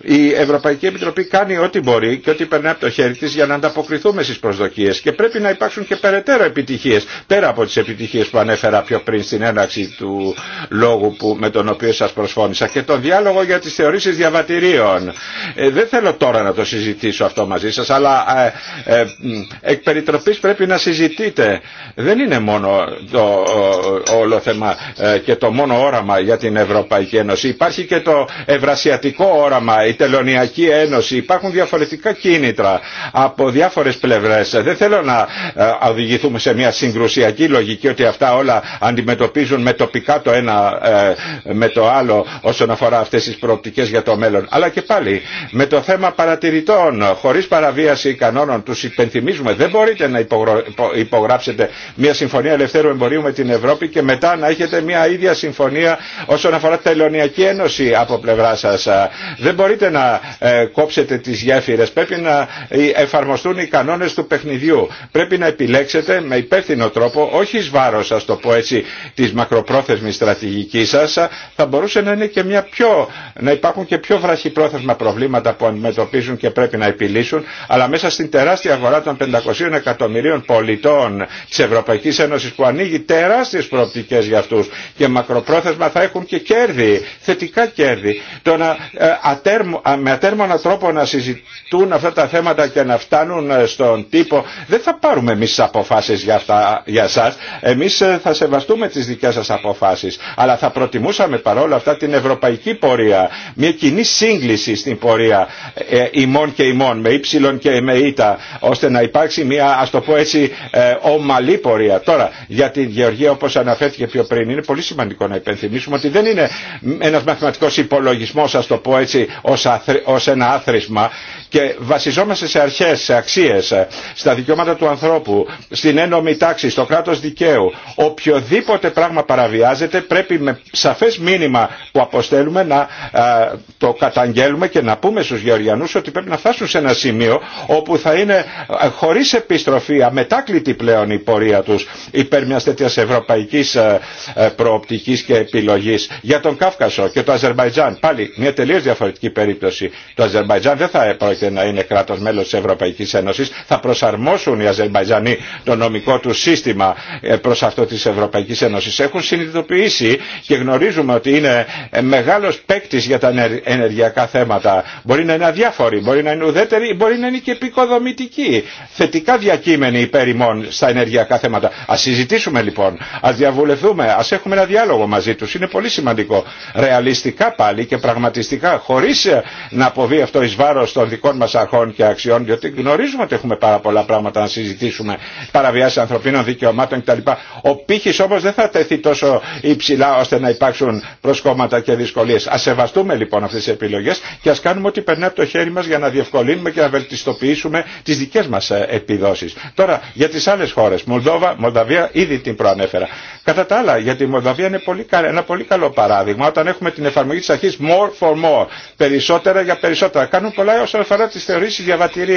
[SPEAKER 1] Η Ευρωπαϊκή Επιτροπή κάνει ό,τι μπορεί και ό,τι περνάει από το χέρι δείκτης για να ανταποκριθούμε στι προσδοκίε και πρέπει να υπάρξουν και περαιτέρω επιτυχίε πέρα από τι επιτυχίε που ανέφερα πιο πριν στην έναρξη του λόγου που, με τον οποίο σα προσφώνησα και τον διάλογο για τι θεωρήσει διαβατηρίων. Ε, δεν θέλω τώρα να το συζητήσω αυτό μαζί σα, αλλά ε, ε, ε εκ περιτροπή πρέπει να συζητείτε. Δεν είναι μόνο το όλο θέμα ε, και το μόνο όραμα για την Ευρωπαϊκή Ένωση. Υπάρχει και το ευρασιατικό όραμα, η τελωνιακή ένωση. Υπάρχουν διαφορετικά κίνητρα από διάφορες πλευρές. Δεν θέλω να ε, οδηγηθούμε σε μια συγκρουσιακή λογική ότι αυτά όλα αντιμετωπίζουν με τοπικά το ένα ε, με το άλλο όσον αφορά αυτές τις προοπτικές για το μέλλον. Αλλά και πάλι με το θέμα παρατηρητών χωρίς παραβίαση κανόνων του υπενθυμίζουμε δεν μπορείτε να υπογράψετε μια συμφωνία ελευθέρου εμπορίου με την Ευρώπη και μετά να έχετε μια ίδια συμφωνία όσον αφορά την Τελωνιακή Ένωση από πλευρά σας. Δεν μπορείτε να ε, κόψετε τις γέφυρες. Πρέπει να εφαρμοστούν οι κανόνες του παιχνιδιού. Πρέπει να επιλέξετε με υπεύθυνο τρόπο, όχι εις βάρος σας το πω έτσι, της μακροπρόθεσμης στρατηγικής σας, θα μπορούσε να, είναι και μια πιο, να υπάρχουν και πιο βραχυπρόθεσμα προβλήματα που αντιμετωπίζουν και πρέπει να επιλύσουν, αλλά μέσα στην τεράστια αγορά των 500 εκατομμυρίων πολιτών της Ευρωπαϊκής Ένωσης που ανοίγει τεράστιες προοπτικές για αυτούς και μακροπρόθεσμα θα έχουν και κέρδη, θετικά κέρδη. Το να, ε, ατέρμο, με ατέρμονα τρόπο να συζητούν αυτά τα θέματα και να φτάνουν ε, στον τύπο. Δεν θα πάρουμε εμεί τι αποφάσει για, αυτά, για εσά. Εμεί ε, θα σεβαστούμε τι δικέ σα αποφάσει. Αλλά θα προτιμούσαμε παρόλα αυτά την ευρωπαϊκή πορεία. Μια κοινή σύγκληση στην πορεία ε, ε ημών και ημών, με ύψιλον και με ήττα ώστε να υπάρξει μια α το πω έτσι ομαλή πορεία. Τώρα, για την γεωργία όπω αναφέρθηκε πιο πριν, είναι πολύ σημαντικό να υπενθυμίσουμε ότι δεν είναι ένα μαθηματικό υπολογισμό, α το πω έτσι, ω ένα άθροισμα και βασιζόμαστε σε αρχές, σε αξίες, ε, στα δικαιώματα του ανθρώπου, στην ένωμη τάξη, στο κράτος δικαίου. Οποιοδήποτε πράγμα παραβιάζεται πρέπει με σαφές μήνυμα που αποστέλουμε να ε, το καταγγέλουμε και να πούμε στους Γεωργιανούς ότι πρέπει να φτάσουν σε ένα σημείο όπου θα είναι ε, χωρίς επιστροφή, αμετάκλητη πλέον η πορεία τους υπέρ μιας τέτοιας ευρωπαϊκής προοπτικής και επιλογής. Για τον Κάφκασο και το Αζερμπαϊτζάν, πάλι μια τελείως διαφορετική περίπτωση. Το Αζερμπαϊτζάν δεν θα να είναι κράτος μέλος Ευρωπαϊκή Ένωση, Θα προσαρμόσουν οι Αζερμπαϊτζανοί το νομικό του σύστημα ε, προ αυτό τη Ευρωπαϊκή Ένωση. Έχουν συνειδητοποιήσει και γνωρίζουμε ότι είναι ε, μεγάλο παίκτη για τα ενεργειακά θέματα. Μπορεί να είναι αδιάφοροι, μπορεί να είναι ουδέτεροι, μπορεί να είναι και επικοδομητικοί. Θετικά διακείμενοι υπέρ ημών στα ενεργειακά θέματα. Α συζητήσουμε λοιπόν, α διαβουλευτούμε, α έχουμε ένα διάλογο μαζί του. Είναι πολύ σημαντικό. Ρεαλιστικά πάλι και πραγματιστικά, χωρί ε, να αποβεί αυτό ει βάρο των δικών μα αρχών και αξιών διότι γνωρίζουμε ότι έχουμε πάρα πολλά πράγματα να συζητήσουμε, παραβιάσει ανθρωπίνων δικαιωμάτων κτλ. Ο πύχη όμω δεν θα τεθεί τόσο υψηλά ώστε να υπάρξουν προσκόμματα και δυσκολίε. Α σεβαστούμε λοιπόν αυτέ τι επιλογέ και α κάνουμε ό,τι περνάει από το χέρι μα για να διευκολύνουμε και να βελτιστοποιήσουμε τι δικέ μα ε, επιδόσει. Τώρα για τι άλλε χώρε. Μολδόβα, Μολδαβία ήδη την προανέφερα. Κατά τα άλλα γιατί η Μολδαβία είναι πολύ, ένα πολύ καλό παράδειγμα όταν έχουμε την εφαρμογή τη αρχή more for more. Περισσότερα για περισσότερα. Κάνουν πολλά όσον αφορά τι θεωρήσει διαβατηρία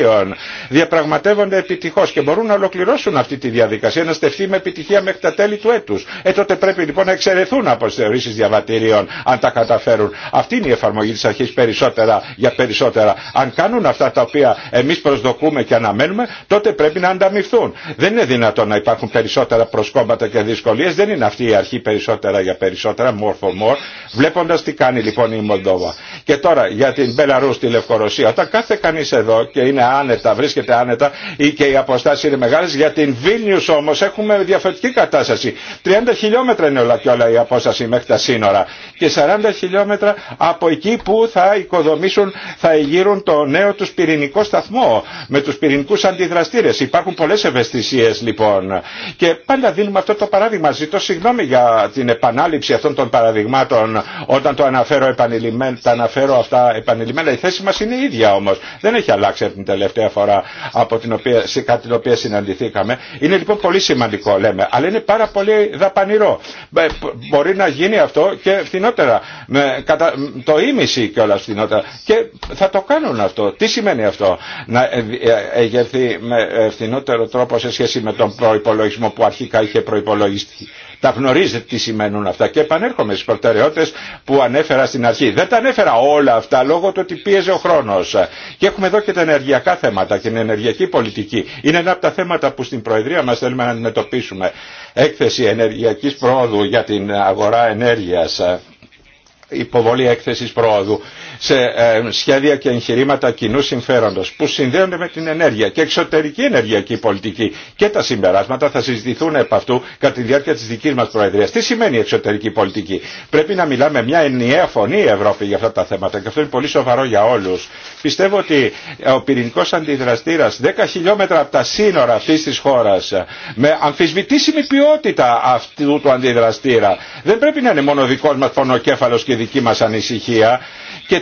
[SPEAKER 1] διαπραγματεύονται επιτυχώ και μπορούν να ολοκληρώσουν αυτή τη διαδικασία, να στεφθεί με επιτυχία μέχρι τα τέλη του έτου. Ε, τότε πρέπει λοιπόν να εξαιρεθούν από τι θεωρήσει διαβατηρίων, αν τα καταφέρουν. Αυτή είναι η εφαρμογή τη αρχή περισσότερα για περισσότερα. Αν κάνουν αυτά τα οποία εμεί προσδοκούμε και αναμένουμε, τότε πρέπει να ανταμυφθούν. Δεν είναι δυνατόν να υπάρχουν περισσότερα προσκόμματα και δυσκολίε. Δεν είναι αυτή η αρχή περισσότερα για περισσότερα, more for more. Βλέποντα τι κάνει λοιπόν η Μολδόβα. Και τώρα για την Μπελαρού στη Λευκορωσία. Όταν κάθε κανεί εδώ και είναι άνετα, βρίσκεται άνετα ή και οι αποστάσει είναι μεγάλε. Για την Βίλνιου όμω έχουμε διαφορετική κατάσταση. 30 χιλιόμετρα είναι όλα και όλα η απόσταση μέχρι τα σύνορα και 40 χιλιόμετρα από εκεί που θα οικοδομήσουν, θα εγείρουν το νέο του πυρηνικό σταθμό με του πυρηνικού αντιδραστήρε. Υπάρχουν πολλέ ευαισθησίε λοιπόν και πάντα δίνουμε αυτό το παράδειγμα. Ζητώ συγγνώμη για την επανάληψη αυτών των παραδειγμάτων όταν το αναφέρω επανειλημμένα, τα αναφέρω αυτά επανειλημμένα. Η θέση μα είναι η ίδια όμω. Δεν έχει αλλάξει την τελευταία φορά από την οποία, σε κάτι την συναντηθήκαμε. Είναι λοιπόν πολύ σημαντικό λέμε, αλλά είναι πάρα πολύ δαπανηρό. Ε, μπορεί να γίνει αυτό και φθηνότερα, με, το ίμιση και όλα φθηνότερα. Και θα το κάνουν αυτό. Τι σημαίνει αυτό, να ε, ε, εγερθεί με φθηνότερο τρόπο σε σχέση με τον προϋπολογισμό που αρχικά είχε προϋπολογιστεί. Τα γνωρίζετε τι σημαίνουν αυτά και επανέρχομαι στι προτεραιότητε που ανέφερα στην αρχή. Δεν τα ανέφερα όλα αυτά λόγω του ότι πίεζε ο χρόνος. Και έχουμε εδώ και τα ενεργειακά θέματα και την ενεργειακή πολιτική. Είναι ένα από τα θέματα που στην Προεδρία μας θέλουμε να αντιμετωπίσουμε. Έκθεση ενεργειακής πρόοδου για την αγορά ενέργειας υποβολή έκθεσης πρόοδου σε ε, σχέδια και εγχειρήματα κοινού συμφέροντος που συνδέονται με την ενέργεια και εξωτερική ενεργειακή πολιτική και τα συμπεράσματα θα συζητηθούν επ' αυτού κατά τη διάρκεια της δικής μας προεδρία Τι σημαίνει εξωτερική πολιτική. Πρέπει να μιλάμε μια ενιαία φωνή η Ευρώπη για αυτά τα θέματα και αυτό είναι πολύ σοβαρό για όλους. Πιστεύω ότι ε, ο πυρηνικός αντιδραστήρας 10 χιλιόμετρα από τα σύνορα αυτής της χώρας ε, με αμφισβητήσιμη ποιότητα αυτού του αντιδραστήρα δεν πρέπει να είναι μόνο δικό μα πονοκέφαλος και δική μα ανησυχία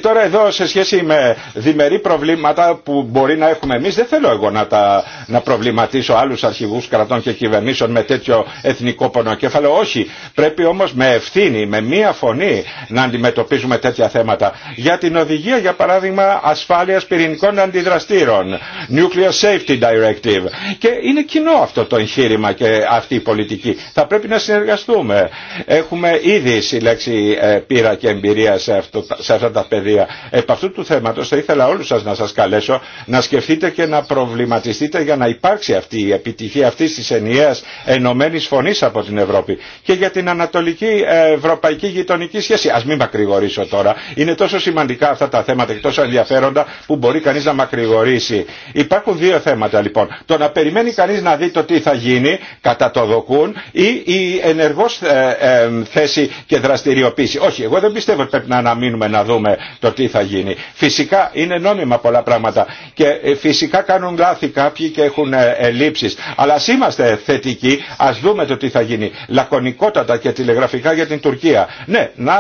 [SPEAKER 1] τώρα εδώ σε σχέση με διμερεί προβλήματα που μπορεί να έχουμε εμείς δεν θέλω εγώ να, τα, να προβληματίσω άλλους αρχηγούς κρατών και κυβερνήσεων με τέτοιο εθνικό πονοκέφαλο. Όχι, πρέπει όμως με ευθύνη, με μία φωνή να αντιμετωπίζουμε τέτοια θέματα. Για την οδηγία για παράδειγμα ασφάλειας πυρηνικών αντιδραστήρων, Nuclear Safety Directive και είναι κοινό αυτό το εγχείρημα και αυτή η πολιτική. Θα πρέπει να συνεργαστούμε. Έχουμε ήδη συλλέξει ε, πείρα και εμπειρία σε, αυτό, σε αυτά τα πεδία Επ' αυτού του θέματος θα ήθελα όλους σας να σας καλέσω να σκεφτείτε και να προβληματιστείτε για να υπάρξει αυτή η επιτυχία αυτή της ενιαίας ενωμένης φωνής από την Ευρώπη και για την ανατολική ευρωπαϊκή γειτονική σχέση. Ας μην μακρηγορήσω τώρα. Είναι τόσο σημαντικά αυτά τα θέματα και τόσο ενδιαφέροντα που μπορεί κανείς να μακρηγορήσει. Υπάρχουν δύο θέματα λοιπόν. Το να περιμένει κανείς να δει το τι θα γίνει κατά το δοκούν ή η ενεργός ε, ε, ε θέση και δραστηριοποίηση. Όχι, εγώ δεν πιστεύω ότι πρέπει να αναμείνουμε να δούμε το τι θα γίνει. Φυσικά είναι νόμιμα πολλά πράγματα και ε, φυσικά κάνουν λάθη κάποιοι και έχουν ε, ελλείψεις. Αλλά ας είμαστε θετικοί, ας δούμε το τι θα γίνει. Λακωνικότατα και τηλεγραφικά για την Τουρκία. Ναι, να,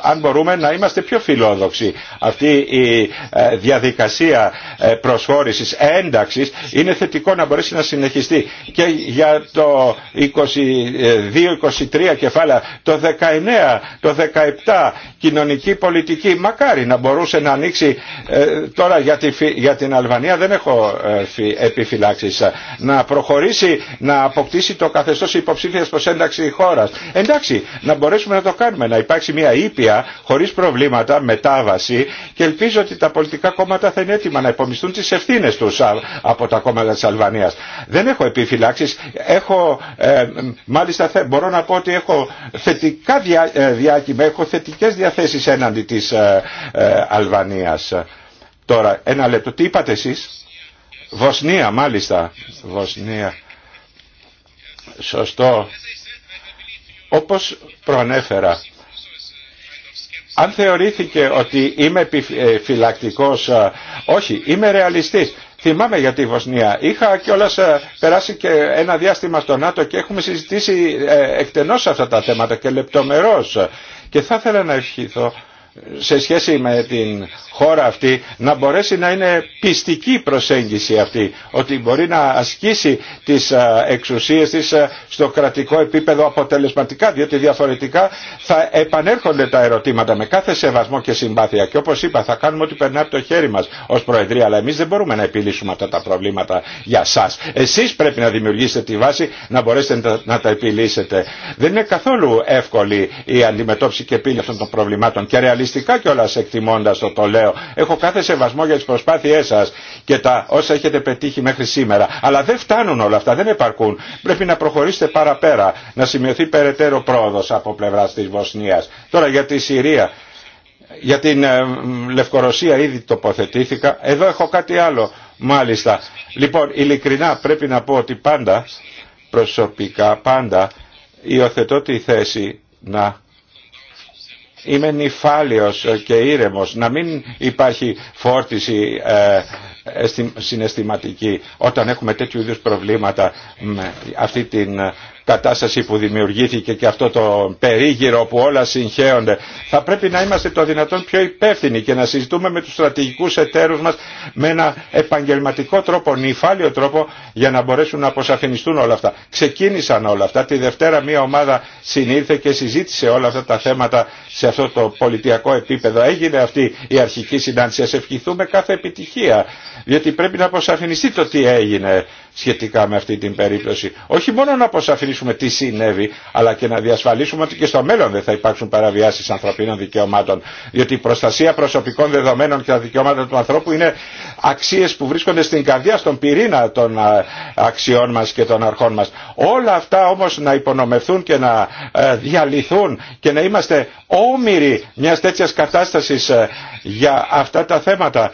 [SPEAKER 1] αν μπορούμε να είμαστε πιο φιλόδοξοι. Αυτή η ε, διαδικασία προσχώρησης, ένταξης είναι θετικό να μπορέσει να συνεχιστεί. Και για το 22-23 κεφάλαια, το 19, το 17 κοινωνική πολιτική, μακάρι να μπορούσε να ανοίξει ε, τώρα για, τη, για την Αλβανία δεν έχω ε, επιφυλάξεις να προχωρήσει να αποκτήσει το καθεστώς υποψήφιας προς ένταξη χώρας εντάξει να μπορέσουμε να το κάνουμε να υπάρξει μια ήπια χωρίς προβλήματα μετάβαση και ελπίζω ότι τα πολιτικά κόμματα θα είναι έτοιμα να υπομισθούν τις ευθύνε τους από τα κόμματα της Αλβανίας δεν έχω επιφυλάξεις έχω ε, μάλιστα μπορώ να πω ότι έχω θετικά διά, ε, έχω θετικές διαθέσεις έναντι της ε, ε, Αλβανίας. Τώρα, ένα λεπτό. Τι είπατε εσείς? Βοσνία, μάλιστα. Βοσνία. Σωστό. Όπως προανέφερα, αν θεωρήθηκε ότι είμαι επιφυλακτικός, ε, ε, όχι, είμαι ρεαλιστής. Θυμάμαι για τη Βοσνία. Είχα και κιόλα περάσει και ένα διάστημα στο ΝΑΤΟ και έχουμε συζητήσει εκτενώς αυτά τα θέματα και λεπτομερώς. Και θα ήθελα να ευχηθώ σε σχέση με την χώρα αυτή να μπορέσει να είναι πιστική προσέγγιση αυτή ότι μπορεί να ασκήσει τις εξουσίες της στο κρατικό επίπεδο αποτελεσματικά διότι διαφορετικά θα επανέρχονται τα ερωτήματα με κάθε σεβασμό και συμπάθεια και όπως είπα θα κάνουμε ό,τι περνάει από το χέρι μας ως Προεδρία αλλά εμείς δεν μπορούμε να επιλύσουμε αυτά τα προβλήματα για σας. Εσείς πρέπει να δημιουργήσετε τη βάση να μπορέσετε να τα επιλύσετε. Δεν είναι καθόλου εύκολη η αντιμετώπιση και επίλυση αυτών των προβλημάτων ρεαλιστικά κιόλα εκτιμώντα το το λέω. Έχω κάθε σεβασμό για τι προσπάθειέ σα και τα όσα έχετε πετύχει μέχρι σήμερα. Αλλά δεν φτάνουν όλα αυτά, δεν επαρκούν. Πρέπει να προχωρήσετε παραπέρα, να σημειωθεί περαιτέρω πρόοδο από πλευρά τη Βοσνία. Τώρα για τη Συρία. Για την ε, Λευκορωσία ήδη τοποθετήθηκα. Εδώ έχω κάτι άλλο μάλιστα. Λοιπόν, ειλικρινά πρέπει να πω ότι πάντα, προσωπικά πάντα, υιοθετώ τη θέση να είμαι νυφάλιος και ήρεμος, να μην υπάρχει φόρτιση ε, ε, συναισθηματική όταν έχουμε τέτοιου είδους προβλήματα με αυτή την ε, κατάσταση που δημιουργήθηκε και αυτό το περίγυρο που όλα συγχέονται. Θα πρέπει να είμαστε το δυνατόν πιο υπεύθυνοι και να συζητούμε με τους στρατηγικούς εταίρους μας με ένα επαγγελματικό τρόπο, νυφάλιο τρόπο για να μπορέσουν να αποσαφινιστούν όλα αυτά. Ξεκίνησαν όλα αυτά. Τη Δευτέρα μια ομάδα συνήρθε και συζήτησε όλα αυτά τα θέματα σε αυτό το πολιτιακό επίπεδο. Έγινε αυτή η αρχική συνάντηση. Ας ευχηθούμε κάθε επιτυχία, διότι πρέπει να αποσαφινιστεί το τι έγινε σχετικά με αυτή την περίπτωση. Όχι μόνο να αποσαφηνίσουμε τι συνέβη, αλλά και να διασφαλίσουμε ότι και στο μέλλον δεν θα υπάρξουν παραβιάσεις ανθρωπίνων δικαιωμάτων. Διότι η προστασία προσωπικών δεδομένων και τα δικαιώματα του ανθρώπου είναι αξίες που βρίσκονται στην καρδιά, στον πυρήνα των αξιών μας και των αρχών μας. Όλα αυτά όμως να υπονομευθούν και να ε, διαλυθούν και να είμαστε όμοιροι μιας τέτοιας κατάστασης ε, για αυτά τα θέματα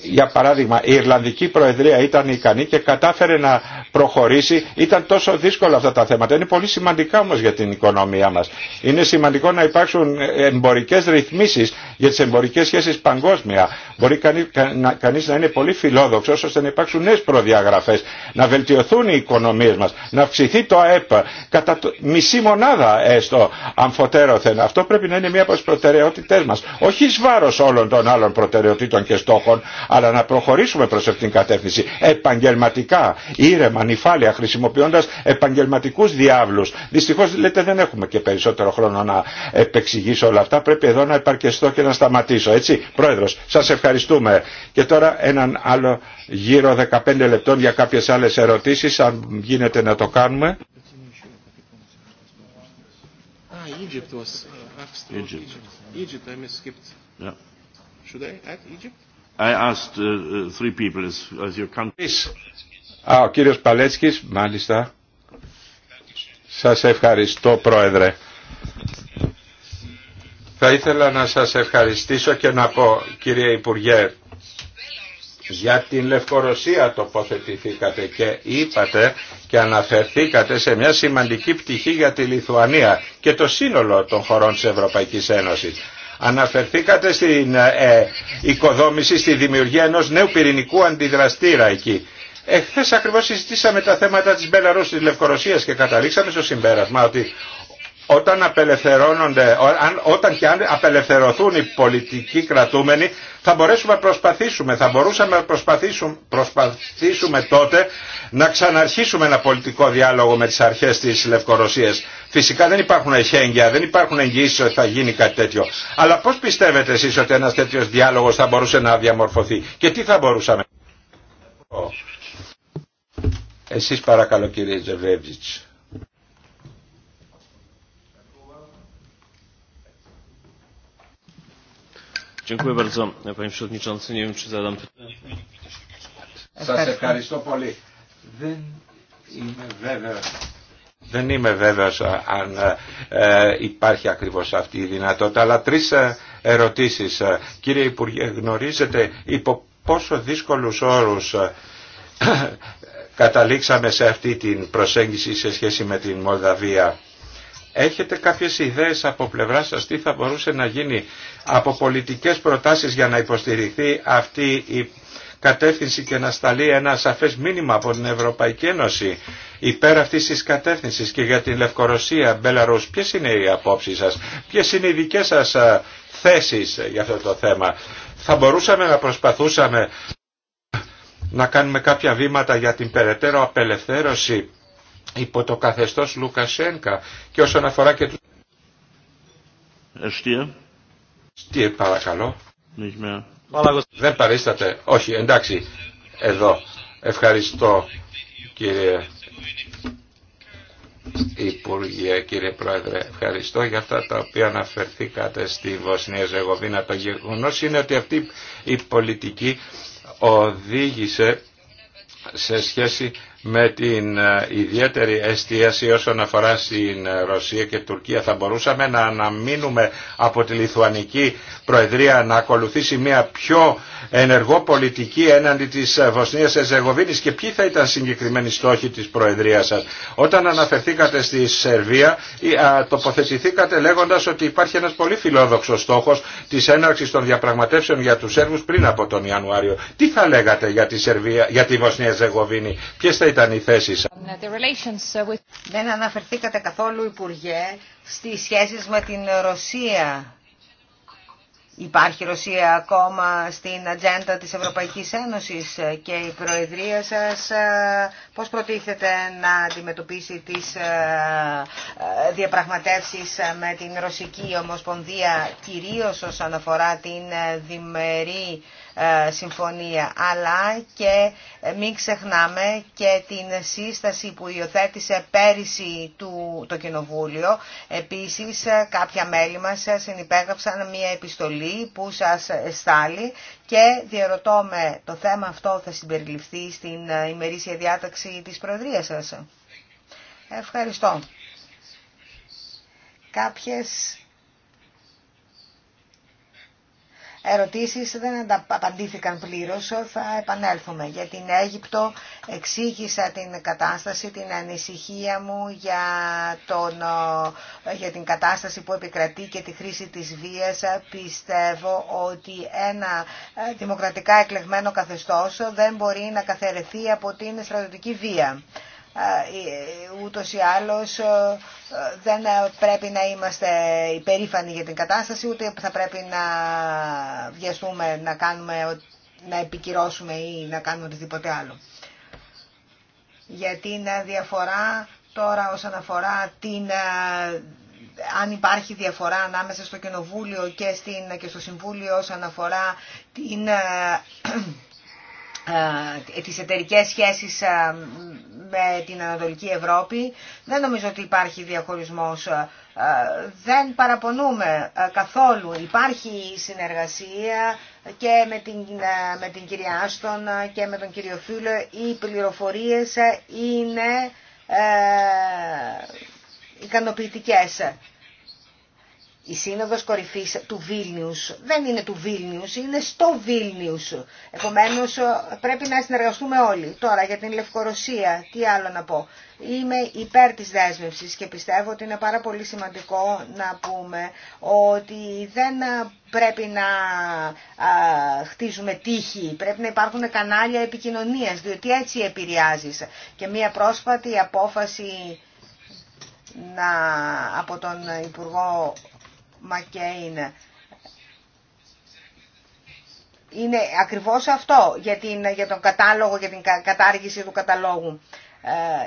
[SPEAKER 1] για παράδειγμα η Ιρλανδική Προεδρία ήταν ικανή και κατάφερε να προχωρήσει. Ήταν τόσο δύσκολα αυτά τα θέματα. Είναι πολύ σημαντικά όμω για την οικονομία μα. Είναι σημαντικό να υπάρξουν εμπορικέ ρυθμίσει για τι εμπορικέ σχέσει παγκόσμια. Μπορεί κανεί, να, να είναι πολύ φιλόδοξο, ώστε να υπάρξουν νέε προδιαγραφέ, να βελτιωθούν οι οικονομίε μα, να αυξηθεί το ΑΕΠ κατά το, μισή μονάδα έστω αμφωτέρωθεν. Αυτό πρέπει να είναι μία από τι προτεραιότητε μα, Όχι ει όλων των άλλων προτεραιοτήτων και στόχων, αλλά να προχωρήσουμε προς αυτήν την κατεύθυνση επαγγελματικά, ήρεμα, νυφάλια, χρησιμοποιώντας επαγγελματικούς διάβλους. Δυστυχώς λέτε δεν έχουμε και περισσότερο χρόνο να επεξηγήσω όλα αυτά, πρέπει εδώ να επαρκεστώ και να σταματήσω, έτσι. Πρόεδρος, σας ευχαριστούμε. Και τώρα έναν άλλο γύρο 15 λεπτών για κάποιες άλλες ερωτήσεις, αν γίνεται να το κάνουμε. Ah, Egypt was Egypt. Uh, Egypt. I Yeah ο κύριος Παλέτσκης, μάλιστα. Σας ευχαριστώ, Πρόεδρε. Θα ήθελα να σας ευχαριστήσω και να πω, κύριε Υπουργέ, για την Λευκορωσία τοποθετηθήκατε και είπατε και αναφερθήκατε σε μια σημαντική πτυχή για τη Λιθουανία και το σύνολο των χωρών της Ευρωπαϊκής Ένωσης. Αναφερθήκατε στην ε, ε, οικοδόμηση, στη δημιουργία ενός νέου πυρηνικού αντιδραστήρα εκεί. Εχθές ακριβώς συζητήσαμε τα θέματα της Μπελαρούς, της Λευκορωσίας και καταλήξαμε στο συμπέρασμα ότι όταν απελευθερώνονται, όταν και αν απελευθερωθούν οι πολιτικοί κρατούμενοι, θα μπορέσουμε να προσπαθήσουμε, θα μπορούσαμε να προσπαθήσουμε, προσπαθήσουμε τότε να ξαναρχίσουμε ένα πολιτικό διάλογο με τις αρχές της Λευκορωσίας. Φυσικά δεν υπάρχουν εχέγγυα, δεν υπάρχουν εγγύσεις ότι θα γίνει κάτι τέτοιο. Αλλά πώς πιστεύετε εσείς ότι ένας τέτοιος διάλογος θα μπορούσε να διαμορφωθεί και τι θα μπορούσαμε. Εσείς παρακαλώ κύριε Τζεβέβιτς. Σας ευχαριστώ πολύ. Δεν είμαι βέβαιος. αν ε, υπάρχει ακριβώς αυτή η δυνατότητα, αλλά τρεις ε, ερωτήσεις. Ε, κύριε Υπουργέ, γνωρίζετε υπό πόσο δύσκολους όρους ε, καταλήξαμε σε αυτή την προσέγγιση σε σχέση με την Μολδαβία Έχετε κάποιες ιδέες από πλευρά σας τι θα μπορούσε να γίνει από πολιτικές προτάσεις για να υποστηριχθεί αυτή η κατεύθυνση και να σταλεί ένα σαφές μήνυμα από την Ευρωπαϊκή Ένωση υπέρ αυτής της κατεύθυνσης και για την Λευκορωσία, Μπελαρούς. Ποιες είναι οι απόψεις σας, ποιες είναι οι δικές σας θέσεις για αυτό το θέμα. Θα μπορούσαμε να προσπαθούσαμε να κάνουμε κάποια βήματα για την περαιτέρω απελευθέρωση υπό το καθεστώς Λουκασένκα και όσον αφορά και τους... Εστία. παρακαλώ. Δεν παρίσταται. Όχι, εντάξει. Εδώ. Ευχαριστώ κύριε Υπουργέ, κύριε Πρόεδρε, ευχαριστώ για αυτά τα οποία αναφερθήκατε στη Βοσνία Ζεγοβίνα. Το γεγονό είναι ότι αυτή η πολιτική οδήγησε σε σχέση με την ε, ιδιαίτερη εστίαση όσον αφορά στην ε, Ρωσία και Τουρκία θα μπορούσαμε να αναμείνουμε από τη Λιθουανική Προεδρία να ακολουθήσει μια πιο ενεργό πολιτική έναντι της ε, Βοσνίας Εζεγοβίνης και ποιοι θα ήταν συγκεκριμένοι στόχοι της Προεδρίας σας. Όταν αναφερθήκατε στη Σερβία τοποθετηθήκατε λέγοντας ότι υπάρχει ένας πολύ φιλόδοξος στόχος της έναρξης των διαπραγματεύσεων για τους Σέρβους πριν από τον Ιανουάριο. Τι θα λέγατε για τη, Σερβία, για τη Βοσνία Εζεγοβίνη, ποιες θα ήταν Uh,
[SPEAKER 3] uh, Δεν αναφερθήκατε καθόλου, Υπουργέ, στις σχέσεις με την Ρωσία. Υπάρχει Ρωσία ακόμα στην ατζέντα της Ευρωπαϊκής Ένωσης ε, και η Προεδρία σας ε, πώς προτίθεται να αντιμετωπίσει τις ε, διαπραγματεύσεις με την Ρωσική Ομοσπονδία κυρίως όσον αφορά την διμερή ε, συμφωνία. Αλλά και μην ξεχνάμε και την σύσταση που υιοθέτησε πέρυσι του, το Κοινοβούλιο. Επίσης ε, κάποια μέλη μας ε, συνυπέγραψαν μια επιστολή που σας στάλει και διαρωτώ με το θέμα αυτό θα συμπεριληφθεί στην ημερήσια διάταξη της Προεδρίας σας. Ευχαριστώ. Κάποιες ερωτήσεις δεν απαντήθηκαν πλήρως, θα επανέλθουμε. Για την Αίγυπτο εξήγησα την κατάσταση, την ανησυχία μου για, τον, για την κατάσταση που επικρατεί και τη χρήση της βίας. Πιστεύω ότι ένα ε, δημοκρατικά εκλεγμένο καθεστώς δεν μπορεί να καθαιρεθεί από την στρατιωτική βία. Ε, ε, ούτως ή άλλως ε, δεν πρέπει να είμαστε υπερήφανοι για την κατάσταση ούτε θα πρέπει να βιαστούμε να, κάνουμε, να επικυρώσουμε ή να κάνουμε οτιδήποτε άλλο. Γιατί είναι διαφορά τώρα όσον αφορά την αν υπάρχει διαφορά ανάμεσα στο Κοινοβούλιο και, στην, και στο Συμβούλιο όσον αφορά την ε, τις εταιρικές σχέσεις ε, με την Ανατολική Ευρώπη. Δεν νομίζω ότι υπάρχει διαχωρισμός. Ε, δεν παραπονούμε καθόλου. Υπάρχει συνεργασία και με την, με κυρία Άστον και με τον κύριο Φίλε. Οι πληροφορίες είναι ε, ικανοποιητικές η σύνοδος κορυφής του Βίλνιους δεν είναι του Βίλνιους, είναι στο Βίλνιους. Επομένως ε, πρέπει να συνεργαστούμε όλοι. Τώρα για την Λευκορωσία, τι άλλο να πω. Είμαι υπέρ της δέσμευσης και πιστεύω ότι είναι πάρα πολύ σημαντικό να πούμε ότι δεν πρέπει να χτίζουμε τύχη, πρέπει να υπάρχουν κανάλια επικοινωνίας, διότι έτσι επηρεάζει. Και μία πρόσφατη απόφαση να, από τον Υπουργό Μακέιν. Είναι ακριβώς αυτό για, την, για τον κατάλογο, για την κατάργηση του καταλόγου.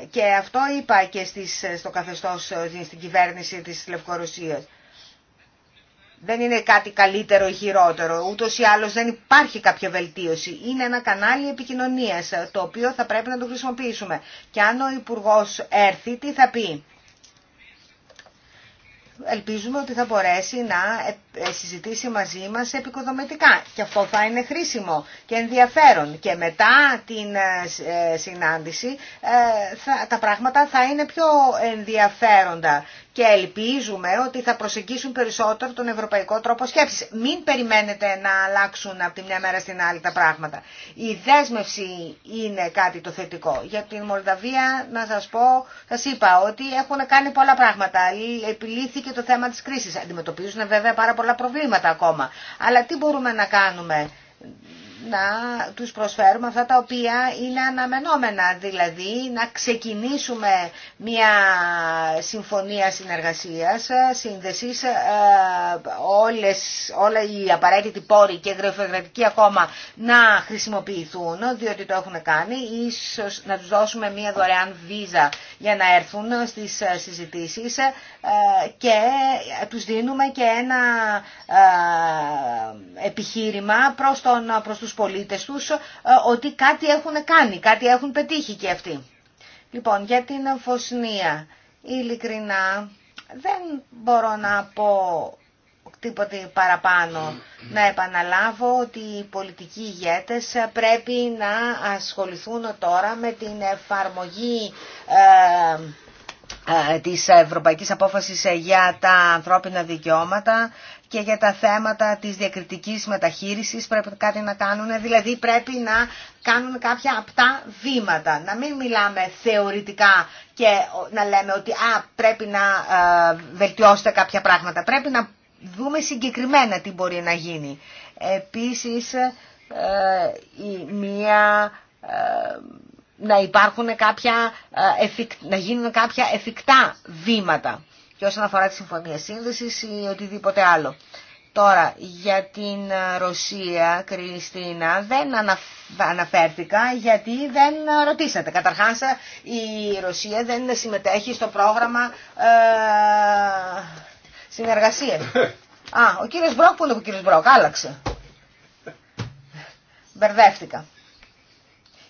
[SPEAKER 3] Ε, και αυτό είπα και στις, στο καθεστώς, ε, στην κυβέρνηση της Λευκορωσίας. Δεν είναι κάτι καλύτερο ή χειρότερο. Ούτως ή άλλως δεν υπάρχει κάποια βελτίωση. Είναι ένα κανάλι επικοινωνίας ε, το οποίο θα πρέπει να το χρησιμοποιήσουμε. Και αν ο Υπουργό έρθει, τι θα πει ελπίζουμε ότι θα μπορέσει να ε, ε, συζητήσει μαζί μας επικοδομητικά. Και αυτό θα είναι χρήσιμο και ενδιαφέρον. Και μετά την ε, συνάντηση τα πράγματα θα είναι πιο ενδιαφέροντα και ελπίζουμε ότι θα προσεγγίσουν περισσότερο τον ευρωπαϊκό τρόπο σκέψη. Μην περιμένετε να αλλάξουν από τη μια μέρα στην άλλη τα πράγματα. Η δέσμευση είναι κάτι το θετικό. Για την Μολδαβία να σα πω, σας είπα ότι έχουν κάνει πολλά πράγματα. Επιλύθηκε το θέμα της κρίσης. Αντιμετωπίζουν βέβαια πάρα πολλά προβλήματα ακόμα. Αλλά τι μπορούμε να κάνουμε να τους προσφέρουμε αυτά τα οποία είναι αναμενόμενα, δηλαδή να ξεκινήσουμε μια συμφωνία συνεργασίας, σύνδεσης, ε, όλες, όλα οι απαραίτητοι πόροι και γραφειοκρατικοί ακόμα να χρησιμοποιηθούν, διότι το έχουν κάνει, ίσως να τους δώσουμε μια δωρεάν βίζα για να έρθουν στις ε, συζητήσεις ε, και τους δίνουμε και ένα επιχείρημα προς, τον, προς τους τους πολίτες τους ε, ότι κάτι έχουν κάνει, κάτι έχουν πετύχει και αυτοί. Λοιπόν, για την Φωσνία, ειλικρινά δεν μπορώ να πω τίποτε παραπάνω. Να επαναλάβω ότι οι πολιτικοί ηγέτες πρέπει να ασχοληθούν τώρα με την εφαρμογή ε, ε, της Ευρωπαϊκής Απόφασης για τα ανθρώπινα δικαιώματα και για τα θέματα της διακριτικής μεταχείρισης πρέπει κάτι να κάνουν, δηλαδή πρέπει να κάνουν κάποια απτά βήματα, να μην μιλάμε θεωρητικά και να λέμε ότι α, πρέπει να ε, βελτιώσετε κάποια πράγματα, πρέπει να δούμε συγκεκριμένα τι μπορεί να γίνει. Επίσης, ε, η μία ε, να υπάρχουν κάποια, να γίνουν κάποια εφικτά βήματα και όσον αφορά τη συμφωνία σύνδεσης ή οτιδήποτε άλλο. Τώρα, για την ε, Ρωσία, Κριστίνα, δεν αναφέρθηκα γιατί δεν ε, ρωτήσατε. Καταρχάς, ε, η Ρωσία δεν συμμετέχει στο πρόγραμμα ε, συνεργασίας. Α, ο κύριος Μπρόκ, που είναι ο κύριος Μπρόκ, άλλαξε. Μπερδεύτηκα.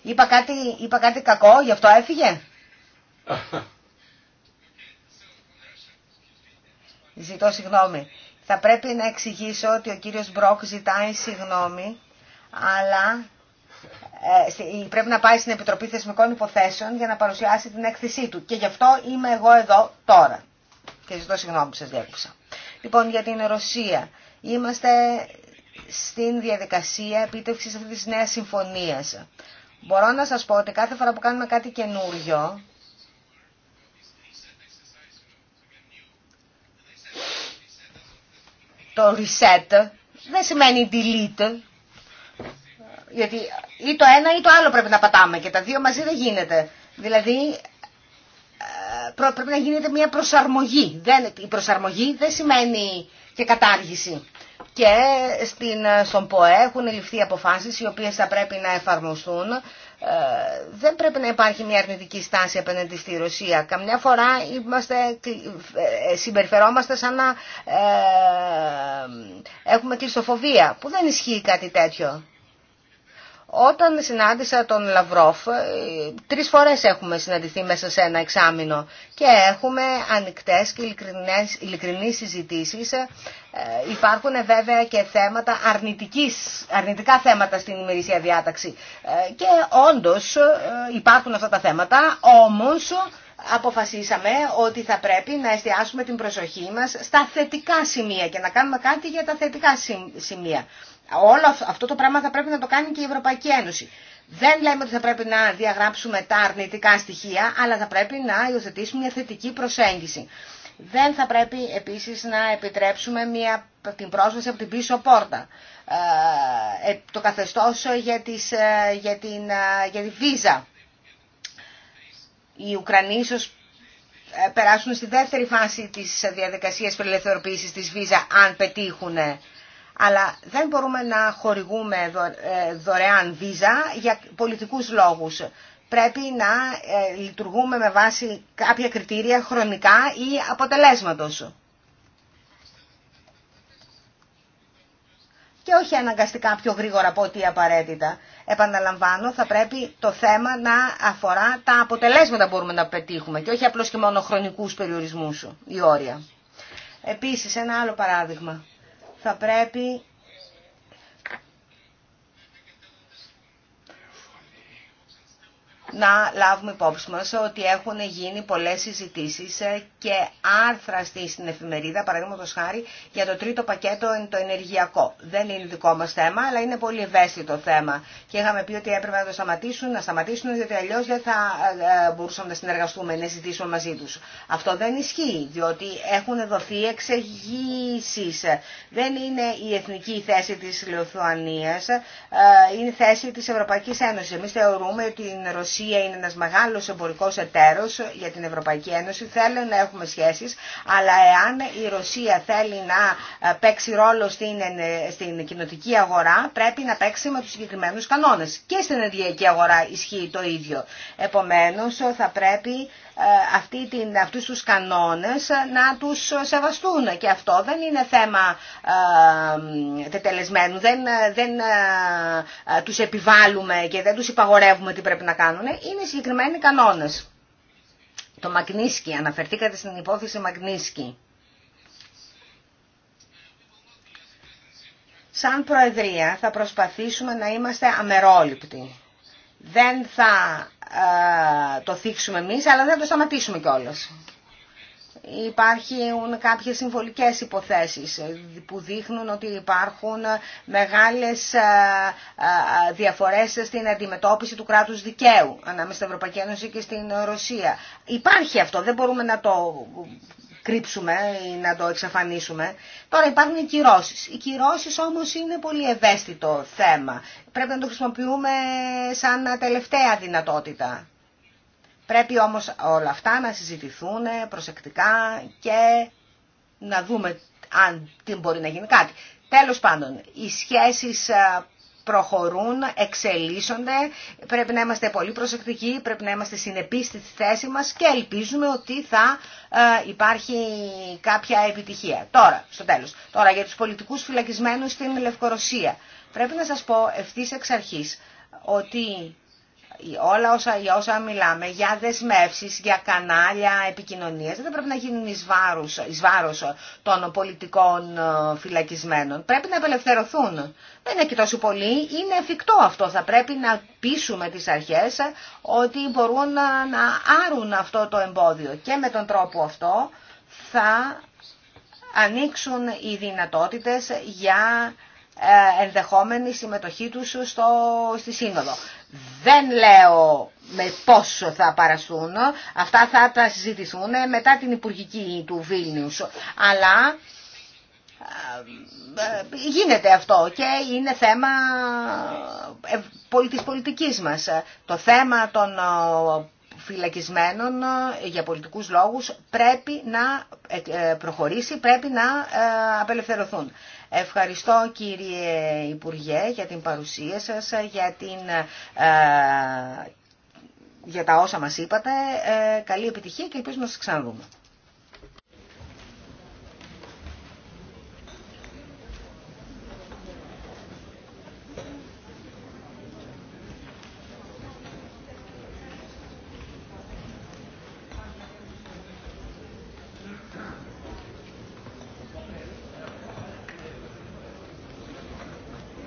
[SPEAKER 3] Είπα κάτι, είπα κάτι κακό, γι' αυτό έφυγε. Ζητώ συγγνώμη. Θα πρέπει να εξηγήσω ότι ο κύριος Μπροκ ζητάει συγγνώμη, αλλά ε, πρέπει να πάει στην Επιτροπή Θεσμικών Υποθέσεων για να παρουσιάσει την έκθεσή του. Και γι' αυτό είμαι εγώ εδώ τώρα. Και ζητώ συγγνώμη που σας διέκουσα. Λοιπόν, για την Ρωσία. Είμαστε στην διαδικασία επίτευξης αυτής της νέας συμφωνίας. Μπορώ να σας πω ότι κάθε φορά που κάνουμε κάτι καινούριο, το reset δεν σημαίνει delete, γιατί ή το ένα ή το άλλο πρέπει να πατάμε και τα δύο μαζί δεν γίνεται. Δηλαδή ε, πρέπει να γίνεται μια προσαρμογή. Δεν, η προσαρμογή δεν σημαίνει και κατάργηση και στην, ε, στον ΠΟΕ έχουν ληφθεί αποφάσεις οι οποίες θα πρέπει να εφαρμοστούν. Ε, δεν πρέπει να υπάρχει μια αρνητική στάση απέναντι στη Ρωσία. Καμιά φορά είμαστε, ε, συμπεριφερόμαστε σαν να έχουμε κλειστοφοβία, που δεν ισχύει κάτι τέτοιο. Όταν συνάντησα τον Λαυρόφ, ε, τρεις φορές έχουμε συναντηθεί μέσα σε ένα εξάμεινο και έχουμε ανοιχτές και ειλικρινείς συζητήσεις. Ε, υπάρχουν ε, βέβαια και θέματα αρνητικής, αρνητικά θέματα στην ημερήσια διάταξη. Και όντως υπάρχουν αυτά τα θέματα, όμως αποφασίσαμε ότι θα πρέπει να εστιάσουμε την προσοχή μας στα θετικά σημεία και να κάνουμε κάτι για τα θετικά σημεία. Όλο αυτό το πράγμα θα πρέπει να το κάνει και η Ευρωπαϊκή Ένωση. Δεν λέμε ότι θα πρέπει να διαγράψουμε τα αρνητικά στοιχεία, αλλά θα πρέπει να υιοθετήσουμε μια θετική προσέγγιση. Δεν θα πρέπει επίσης να επιτρέψουμε μια, την πρόσβαση από την πίσω πόρτα. Ε, ε, το καθεστώς για, τις, ε, για, την, για τη βίζα. Οι Ουκρανοί ίσως περάσουν στη δεύτερη φάση της διαδικασίας περιελευθερωποίησης της βίζα αν πετύχουν αλλά δεν μπορούμε να χορηγούμε ε, δωρεάν βίζα για πολιτικούς λόγους. Πρέπει να ε, λειτουργούμε με βάση κάποια κριτήρια χρονικά ή αποτελέσματος. και όχι αναγκαστικά πιο γρήγορα από ό,τι απαραίτητα. Επαναλαμβάνω, θα πρέπει το θέμα να αφορά τα αποτελέσματα που μπορούμε να πετύχουμε και όχι απλώς και μόνο χρονικούς περιορισμούς ή όρια. Επίσης, ένα άλλο παράδειγμα θα πρέπει να λάβουμε υπόψη μας ότι έχουν γίνει πολλές συζητήσεις ε, και άρθρα στην εφημερίδα, παραδείγματο χάρη, για το τρίτο πακέτο το ενεργειακό. Δεν είναι δικό μας θέμα, αλλά είναι πολύ ευαίσθητο θέμα. Και είχαμε πει ότι έπρεπε να το σταματήσουν, να σταματήσουν, διότι αλλιώ δεν θα ε, ε, μπορούσαμε να συνεργαστούμε, να συζητήσουμε μαζί τους. Αυτό δεν ισχύει, διότι έχουν δοθεί εξεγήσει. Δεν είναι η εθνική θέση της Λιθουανίας, είναι η θέση της Ευρωπαϊκής Ένωσης. Εμείς θεωρούμε ότι η Ρωσία Ρωσία είναι ένας μεγάλος εμπορικός εταίρος για την Ευρωπαϊκή Ένωση, θέλουν να έχουμε σχέσεις, αλλά εάν η Ρωσία θέλει να ε, παίξει ρόλο στην, ε, στην κοινοτική αγορά, πρέπει να παίξει με τους συγκεκριμένους κανόνες. Και στην ενεργειακή αγορά ισχύει το ίδιο. Επομένως, θα πρέπει ε, αυτή την, αυτούς τους κανόνες ε, να τους σεβαστούν. Και αυτό δεν είναι θέμα ε, τετελεσμένου. Δεν, ε, δεν τους επιβάλλουμε και δεν τους υπαγορεύουμε τι πρέπει να κάνουν. Είναι συγκεκριμένοι κανόνες. Το Μαγνίσκι, αναφερθήκατε στην υπόθεση Μαγνίσκι. Σαν Προεδρία θα προσπαθήσουμε να είμαστε αμερόληπτοι δεν θα ε, το θίξουμε εμείς, αλλά δεν θα το σταματήσουμε κιόλας. Υπάρχουν κάποιες συμβολικές υποθέσεις που δείχνουν ότι υπάρχουν μεγάλες ε, ε, διαφορές στην αντιμετώπιση του κράτους δικαίου ανάμεσα στην Ευρωπαϊκή Ένωση και στην Ρωσία. Υπάρχει αυτό, δεν μπορούμε να το κρύψουμε ή να το εξαφανίσουμε. Τώρα υπάρχουν οι κυρώσει. Οι κυρώσεις όμως είναι πολύ ευαίσθητο θέμα. Πρέπει να το χρησιμοποιούμε σαν τελευταία δυνατότητα. Πρέπει όμως όλα αυτά να συζητηθούν προσεκτικά και να δούμε αν τι μπορεί να γίνει κάτι. Τέλος πάντων, οι σχέσεις προχωρούν, εξελίσσονται. Πρέπει να είμαστε πολύ προσεκτικοί, πρέπει να είμαστε συνεπείς στη θέση μας και ελπίζουμε ότι θα ε, υπάρχει κάποια επιτυχία. Τώρα, στο τέλος, τώρα για τους πολιτικούς φυλακισμένους στην Λευκορωσία. Πρέπει να σας πω ευθύ εξ αρχής ότι όλα όσα, για μιλάμε, για δεσμεύσει, για κανάλια επικοινωνία, δεν πρέπει να γίνουν ει βάρο των πολιτικών ε, φυλακισμένων. Πρέπει να απελευθερωθούν. Δεν είναι και τόσο πολύ, είναι εφικτό αυτό. Θα πρέπει να πείσουμε τις αρχέ ότι μπορούν να, άρουν αυτό το εμπόδιο. Και με τον τρόπο αυτό θα ανοίξουν οι δυνατότητες για ε, ενδεχόμενη συμμετοχή τους στο, στη Σύνοδο. Δεν λέω με πόσο θα παραστούν, αυτά θα τα συζητηθούν μετά την Υπουργική του Βίλνιους. Αλλά ε, ε, γίνεται αυτό και είναι θέμα ε, της πολιτικής μας. Το θέμα των φυλακισμένων για πολιτικούς λόγους πρέπει να προχωρήσει, πρέπει να απελευθερωθούν. Ευχαριστώ κύριε Υπουργέ για την παρουσία σας, για, την, ε, τα όσα μας είπατε. Ε, καλή επιτυχία και ελπίζω να σας ξαναδούμε.